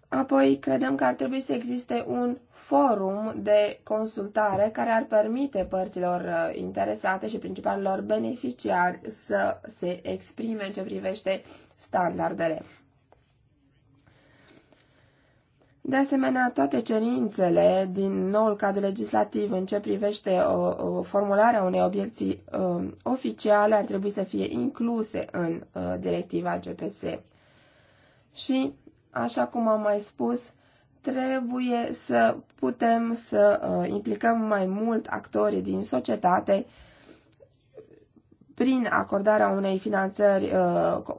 [SPEAKER 3] Apoi, credem că ar trebui să existe un forum de consultare care ar permite părților uh, interesate și principalilor beneficiari să se exprime în ce privește standardele. De asemenea, toate cerințele din noul cadru legislativ în ce privește o, o formularea unei obiecții um, oficiale ar trebui să fie incluse în uh, directiva GPS. Și, așa cum am mai spus, trebuie să putem să uh, implicăm mai mult actorii din societate prin acordarea unei finanțări uh, co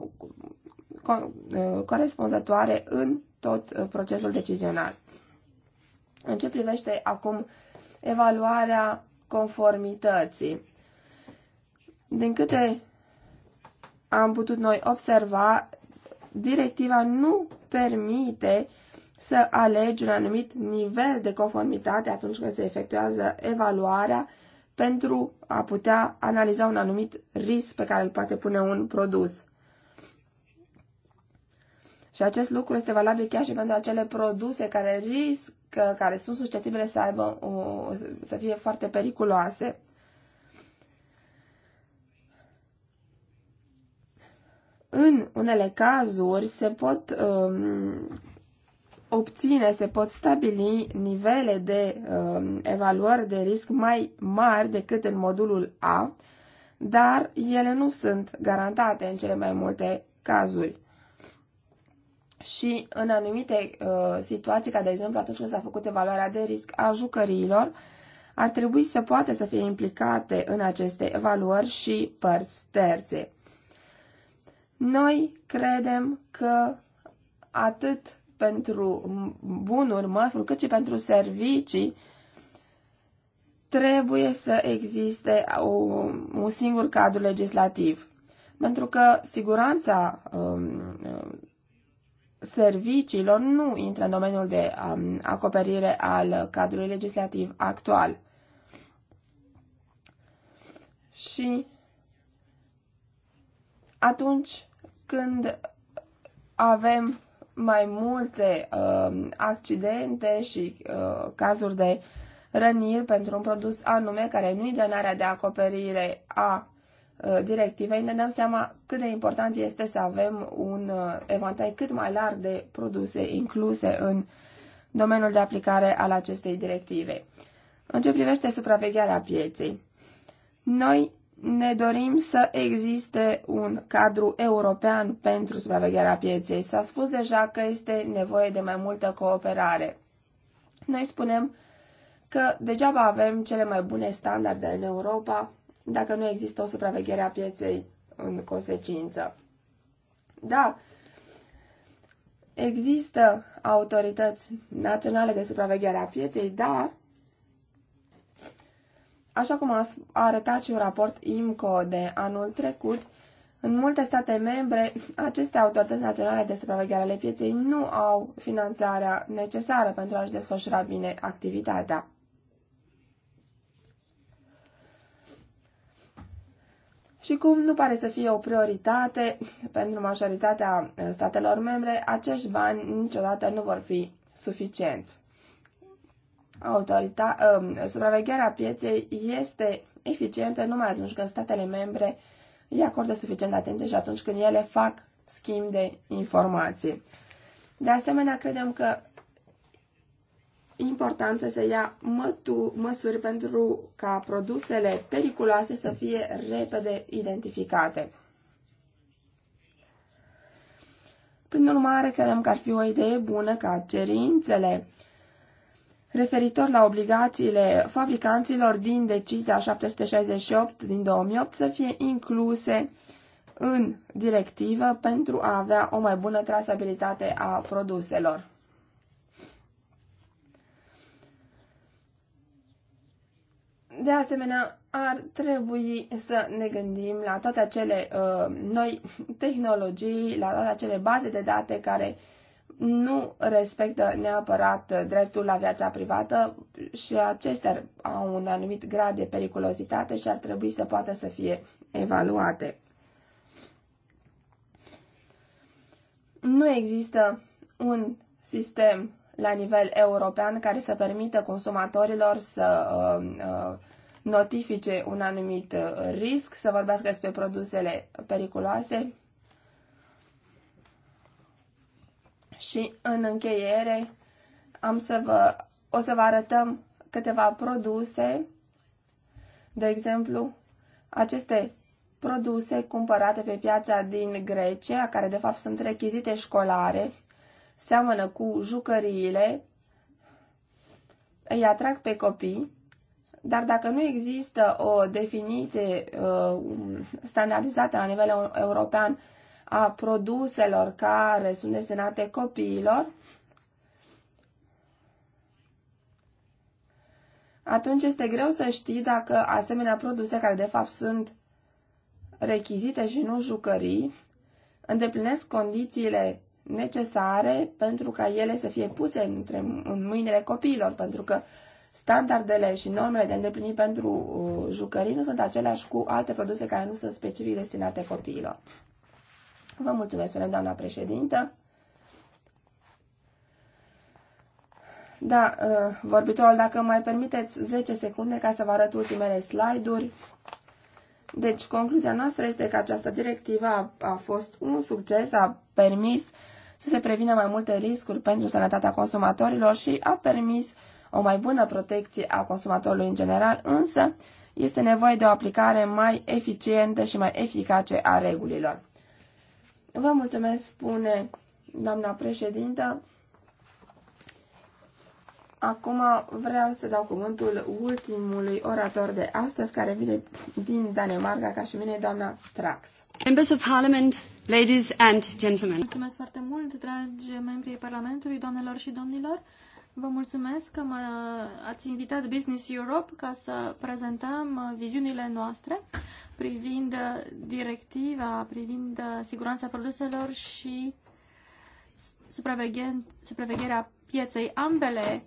[SPEAKER 3] co uh, corespunzătoare în tot uh, procesul decizional. În ce privește acum evaluarea conformității? Din câte am putut noi observa, directiva nu permite să alegi un anumit nivel de conformitate atunci când se efectuează evaluarea pentru a putea analiza un anumit risc pe care îl poate pune un produs. Și acest lucru este valabil chiar și pentru acele produse care riscă, care sunt susceptibile să aibă, o, să fie foarte periculoase. În unele cazuri se pot um, obține, se pot stabili nivele de um, evaluări de risc mai mari decât în modulul A, dar ele nu sunt garantate în cele mai multe cazuri și în anumite uh, situații, ca de exemplu atunci când s-a făcut evaluarea de risc a jucăriilor, ar trebui să poată să fie implicate în aceste evaluări și părți terțe. Noi credem că atât pentru bunuri, mărfuri, cât și pentru servicii, trebuie să existe o, un singur cadru legislativ. Pentru că siguranța um, serviciilor nu intră în domeniul de um, acoperire al cadrului legislativ actual. Și atunci când avem mai multe uh, accidente și uh, cazuri de răniri pentru un produs anume care nu i dă de acoperire a Uh, directivei, ne dăm seama cât de important este să avem un uh, evantai cât mai larg de produse incluse în domeniul de aplicare al acestei directive. În ce privește supravegherea pieței, noi ne dorim să existe un cadru european pentru supravegherea pieței. S-a spus deja că este nevoie de mai multă cooperare. Noi spunem că degeaba avem cele mai bune standarde în Europa dacă nu există o supraveghere a pieței în consecință. Da, există autorități naționale de supraveghere a pieței, dar, așa cum a arătat și un raport IMCO de anul trecut, în multe state membre, aceste autorități naționale de supraveghere ale pieței nu au finanțarea necesară pentru a-și desfășura bine activitatea. și cum nu pare să fie o prioritate pentru majoritatea eh, statelor membre, acești bani niciodată nu vor fi suficienți. Autorita- eh, supravegherea pieței este eficientă numai atunci când statele membre îi acordă suficient atenție și atunci când ele fac schimb de informații. De asemenea, credem că important să se ia mătu, măsuri pentru ca produsele periculoase să fie repede identificate. Prin urmare, credem că ar fi o idee bună ca cerințele referitor la obligațiile fabricanților din decizia 768 din 2008 să fie incluse în directivă pentru a avea o mai bună trasabilitate a produselor. De asemenea, ar trebui să ne gândim la toate acele uh, noi tehnologii, la toate acele baze de date care nu respectă neapărat dreptul la viața privată și acestea au un anumit grad de periculozitate și ar trebui să poată să fie evaluate. Nu există un sistem la nivel european care să permită consumatorilor să um, uh, notifice un anumit uh, risc, să vorbească despre produsele periculoase. Și în încheiere am să vă, o să vă arătăm câteva produse, de exemplu, aceste produse cumpărate pe piața din Grecia, care de fapt sunt rechizite școlare, seamănă cu jucăriile, îi atrag pe copii, dar dacă nu există o definiție uh, standardizată la nivel european a produselor care sunt destinate copiilor, atunci este greu să știi dacă asemenea produse, care de fapt sunt rechizite și nu jucării, îndeplinesc condițiile necesare pentru ca ele să fie puse între, în mâinile copiilor, pentru că standardele și normele de îndeplinit pentru uh, jucării nu sunt aceleași cu alte produse care nu sunt specific destinate copiilor. Vă mulțumesc, spune doamna președintă. Da, uh, vorbitorul, dacă mai permiteți 10 secunde ca să vă arăt ultimele slide-uri. Deci, concluzia noastră este că această directivă a, a fost un succes, a permis uh, să se prevină mai multe riscuri pentru sănătatea consumatorilor și a permis o mai bună protecție a consumatorului în general, însă este nevoie de o aplicare mai eficientă și mai eficace a regulilor. Vă mulțumesc, spune doamna președintă. Acum vreau să dau cuvântul ultimului orator de astăzi, care vine din Danemarca, ca și mine, doamna Trax.
[SPEAKER 2] Members of Parliament, ladies and gentlemen.
[SPEAKER 1] Mulțumesc foarte mult, dragi membrii Parlamentului, doamnelor și domnilor. Vă mulțumesc că mă ați invitat Business Europe ca să prezentăm uh, viziunile noastre privind uh, directiva, privind uh, siguranța produselor și supravegherea pieței. Ambele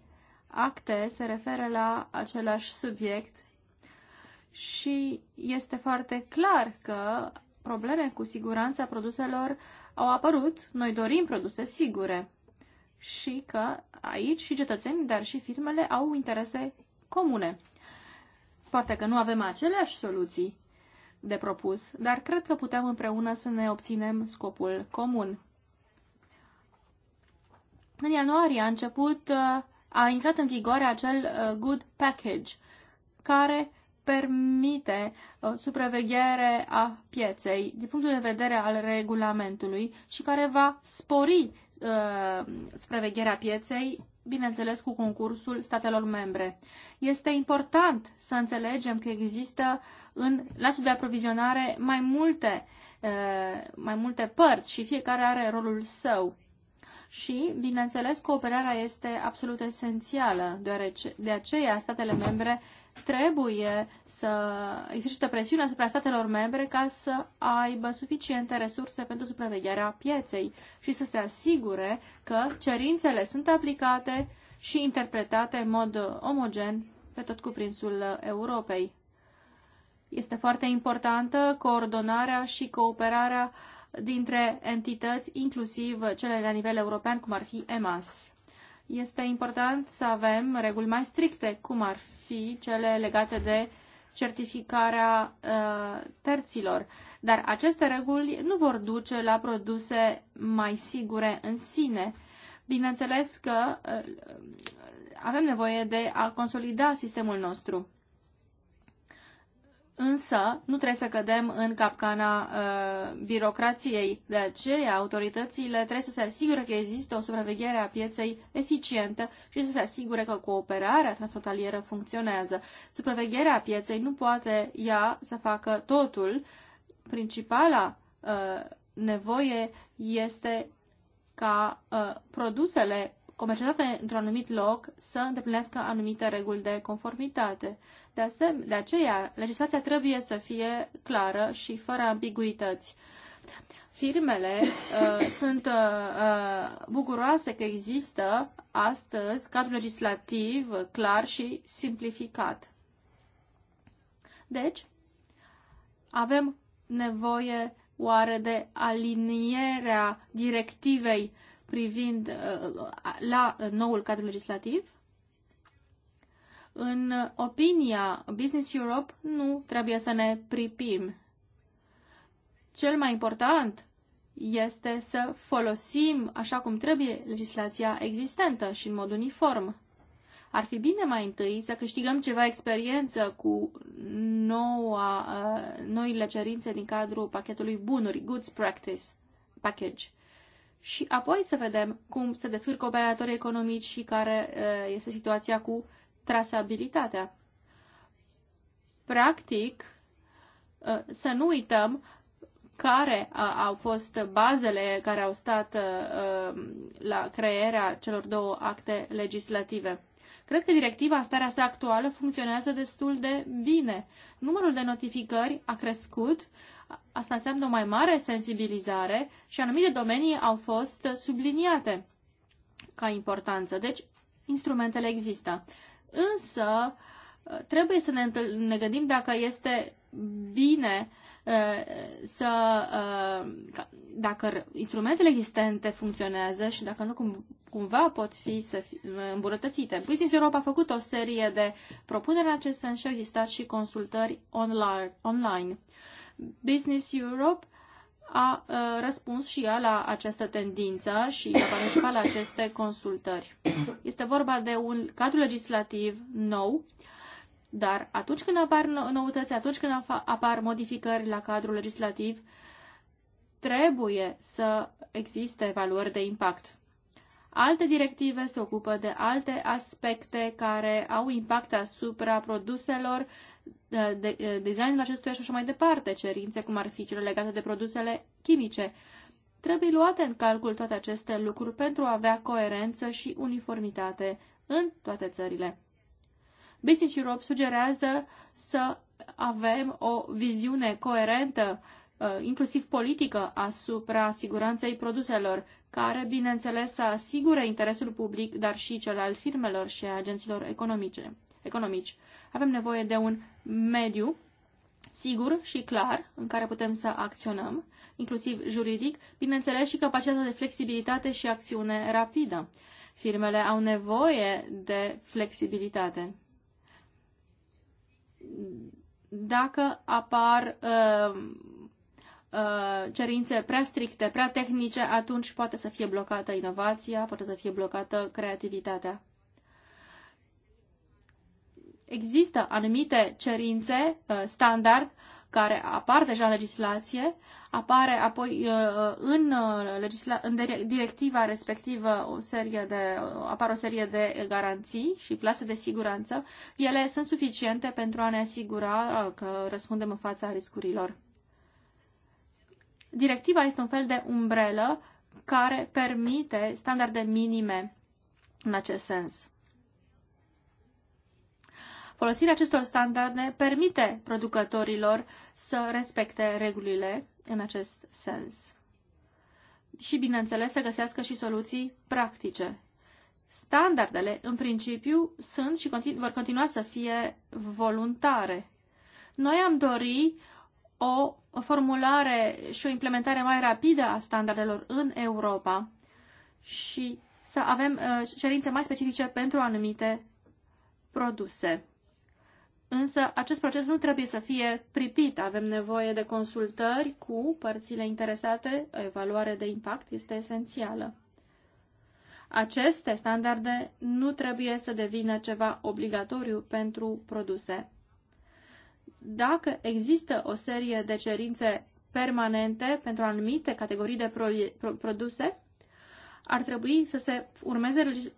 [SPEAKER 1] acte se referă la același subiect și este foarte clar că probleme cu siguranța produselor au apărut. Noi dorim produse sigure și că aici și cetățenii, dar și firmele au interese comune. Poate că nu avem aceleași soluții de propus, dar cred că putem împreună să ne obținem scopul comun. În ianuarie a început uh, a intrat în vigoare acel uh, Good Package, care permite o uh, supraveghere a pieței din punctul de vedere al regulamentului și care va spori uh, supravegherea pieței, bineînțeles cu concursul statelor membre. Este important să înțelegem că există în lațul de aprovizionare mai multe, uh, mai multe părți și fiecare are rolul său și, bineînțeles, cooperarea este absolut esențială, deoarece de aceea statele membre trebuie să există presiune asupra statelor membre ca să aibă suficiente resurse pentru supravegherea pieței și să se asigure că cerințele sunt aplicate și interpretate în mod omogen pe tot cuprinsul Europei. Este foarte importantă coordonarea și cooperarea uh, dintre entități, inclusiv cele la nivel european, cum ar fi EMAS. Este important să avem reguli mai stricte, cum ar fi cele legate de certificarea uh, terților. Dar aceste reguli nu vor duce la produse mai sigure în sine. Bineînțeles că uh, avem nevoie de a consolida sistemul nostru. Însă nu trebuie să cădem în capcana uh, birocrației. De aceea, autoritățile trebuie să se asigure că există o supraveghere a pieței eficientă și să se asigure că cooperarea transfrontalieră funcționează. Supravegherea pieței nu poate ea să facă totul. Principala uh, nevoie este ca uh, produsele comercializate într-un anumit loc să îndeplinească anumite reguli de conformitate. De, asem- de aceea, legislația trebuie să fie clară și fără ambiguități. Firmele uh, sunt uh, uh, bucuroase că există astăzi cadrul legislativ clar și simplificat. Deci, avem nevoie oare de alinierea directivei uh, privind uh, la uh, noul cadru legislativ, în opinia Business Europe nu trebuie să ne pripim. Cel mai important este să folosim așa cum trebuie legislația existentă și în mod uniform. Ar fi bine mai întâi să câștigăm ceva experiență cu noua, uh, noile cerințe din cadrul pachetului bunuri, Goods Practice Package și apoi să vedem cum se descurcă operatorii economici și care este situația cu trasabilitatea. Practic, să nu uităm care au fost bazele care au stat la crearea celor două acte legislative. Cred că directiva starea sa actuală funcționează destul de bine. Numărul de notificări a crescut, Asta înseamnă o mai mare sensibilizare și anumite domenii au fost subliniate ca importanță. Deci, instrumentele există. Însă, trebuie să ne, ne gândim dacă este bine uh, să uh, dacă instrumentele existente funcționează și dacă nu cum, cumva pot fi să fi uh, îmbunătățite. Business Europe a făcut o serie de propuneri în acest sens și au existat și consultări online. online. Business Europe a uh, răspuns și ea la această tendință și a participat la aceste consultări. Este vorba de un cadru legislativ nou, dar atunci când apar noutăți, atunci când apar modificări la cadrul legislativ, trebuie să existe valori de impact. Alte directive se ocupă de alte aspecte care au impact asupra produselor, de, de, designul acestuia și așa mai departe, cerințe cum ar fi cele legate de produsele chimice. Trebuie luate în calcul toate aceste lucruri pentru a avea coerență și uniformitate în toate țările. Business Europe sugerează să avem o viziune coerentă Uh, inclusiv politică, asupra siguranței produselor, care, bineînțeles, să asigure interesul public, dar și cel al firmelor și a agenților economice, economici. Avem nevoie de un mediu sigur și clar în care putem să acționăm, inclusiv juridic, bineînțeles și capacitatea de flexibilitate și acțiune rapidă. Firmele au nevoie de flexibilitate. Dacă apar uh, Uh, cerințe prea stricte, prea tehnice, atunci poate să fie blocată inovația, poate să fie blocată creativitatea. Există anumite cerințe uh, standard care apar deja în legislație, apare apoi uh, în, legisla- în directiva respectivă o serie de, apar o serie de garanții și plase de siguranță. Ele sunt suficiente pentru a ne asigura că răspundem în fața riscurilor. Directiva este un fel de umbrelă care permite standarde minime în acest sens. Folosirea acestor standarde permite producătorilor să respecte regulile în acest sens. Și, bineînțeles, să găsească și soluții practice. Standardele, în principiu, sunt și continu- vor continua să fie voluntare. Noi am dori o o formulare și o implementare mai rapidă a standardelor în Europa și să avem cerințe uh, mai specifice pentru anumite produse. Însă acest proces nu trebuie să fie pripit. Avem nevoie de consultări cu părțile interesate. O evaluare de impact este esențială. Aceste standarde nu trebuie să devină ceva obligatoriu pentru produse dacă există o serie de cerințe permanente pentru anumite categorii de produse, ar trebui să se urmeze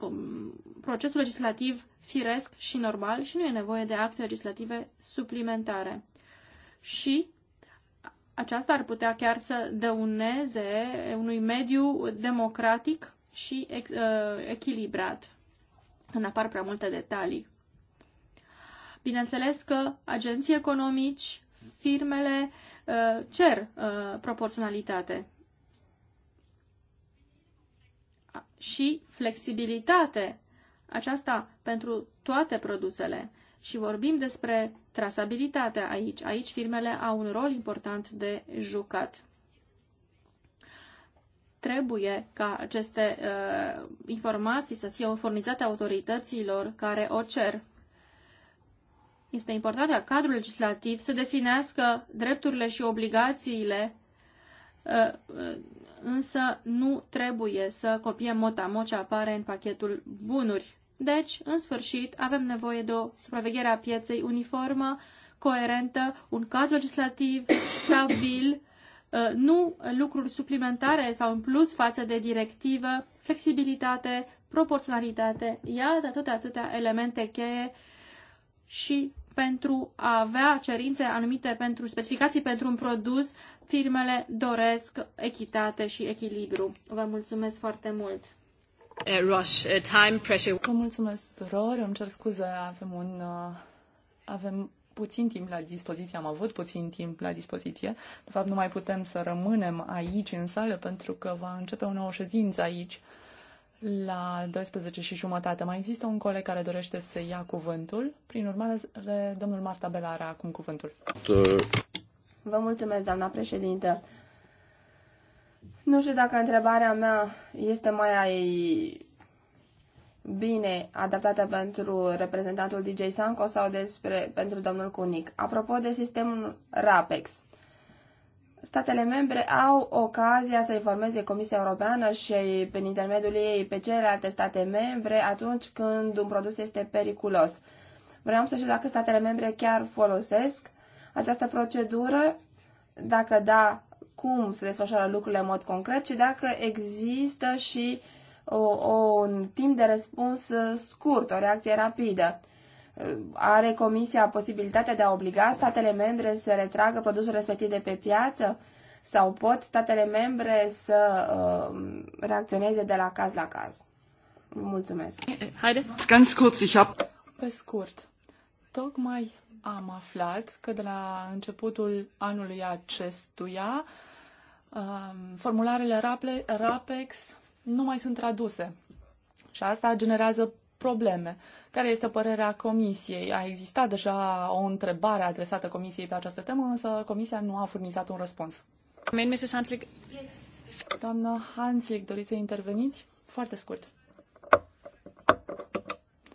[SPEAKER 1] procesul legislativ firesc și normal și nu e nevoie de acte legislative suplimentare. Și aceasta ar putea chiar să dăuneze unui mediu democratic și ă, echilibrat când apar prea multe detalii. Bineînțeles că agenții economici, firmele uh, cer uh, proporționalitate și flexibilitate. Aceasta pentru toate produsele. Și vorbim despre trasabilitate aici. Aici firmele au un rol important de jucat trebuie ca aceste uh, informații să fie furnizate autorităților care o cer. Este important ca cadrul legislativ să definească drepturile și obligațiile, uh, uh, însă nu trebuie să copiem mot-a-mot ce apare în pachetul bunuri. Deci, în sfârșit, avem nevoie de o supraveghere a pieței uniformă, coerentă, un cadru legislativ stabil, uh, nu lucruri suplimentare sau în plus față de directivă, flexibilitate, proporționalitate, iată toate atâtea elemente cheie și pentru a avea cerințe anumite pentru specificații pentru un produs, firmele doresc echitate și echilibru. Vă mulțumesc foarte mult! Eh, Rush, eh, time pressure. Vă
[SPEAKER 2] mulțumesc tuturor, îmi cer scuze, avem un... Uh, avem puțin timp la dispoziție, am avut puțin timp la dispoziție. De fapt, nu mai putem să rămânem aici în sală pentru că va începe o nouă ședință aici la 12 și jumătate. Mai există un coleg care dorește să ia cuvântul. Prin urmare, domnul Marta Bela are acum cuvântul. Vă
[SPEAKER 3] mulțumesc, doamna președintă. Nu știu dacă întrebarea mea este mai bine adaptată pentru reprezentantul DJ Sanco sau despre, pentru domnul Cunic. Apropo de sistemul RAPEX, statele membre au ocazia să informeze Comisia Europeană și prin intermediul ei pe celelalte state membre atunci când un produs este periculos. Vreau să știu dacă statele membre chiar folosesc această procedură, dacă da, cum se desfășoară lucrurile în mod concret și dacă există și o, o, un timp de răspuns scurt, o reacție rapidă. Are Comisia posibilitatea de a obliga statele membre să retragă produsul respectiv de pe piață? Sau pot statele membre să uh, reacționeze de la caz la caz? Mulțumesc. Haide.
[SPEAKER 2] Ganz kurz, ich hab... Pe scurt, tocmai am aflat că de la începutul anului acestuia um, formularele RAPEX nu mai sunt traduse. Și asta generează probleme. Care este părerea Comisiei? A existat deja o întrebare adresată Comisiei pe această temă, însă Comisia nu a furnizat un răspuns. Doamna Hanslick, doriți să interveniți? Foarte scurt.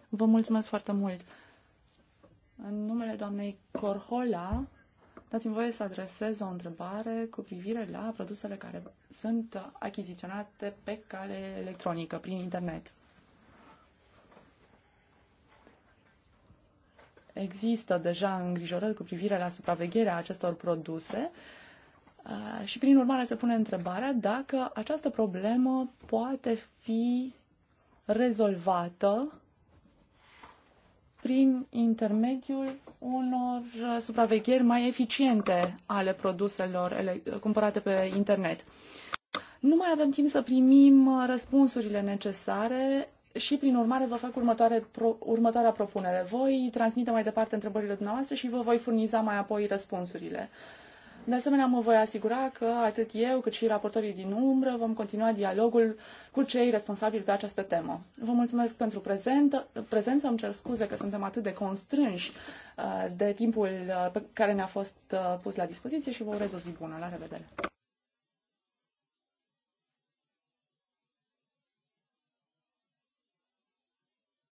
[SPEAKER 2] Vă mulțumesc foarte mult. În numele doamnei Corhola, dați-mi voie să adresez o întrebare cu privire la produsele care sunt achiziționate pe cale electronică, prin internet. Există deja îngrijorări cu privire la supravegherea acestor produse uh, și, prin urmare, se pune întrebarea dacă această problemă poate fi rezolvată prin intermediul unor supravegheri mai eficiente ale produselor cumpărate pe internet. Nu mai avem timp să primim răspunsurile necesare și, prin urmare, vă fac următoare, pro, următoarea propunere. Voi transmite mai departe întrebările dumneavoastră și vă voi furniza mai apoi răspunsurile. De asemenea, mă voi asigura că atât eu cât și raportorii din umbră vom continua dialogul cu cei responsabili pe această temă. Vă mulțumesc pentru prezentă, prezență, îmi cer scuze că suntem atât de constrânși uh, de timpul uh, pe care ne-a fost uh, pus la dispoziție și vă urez o zi bună. La revedere!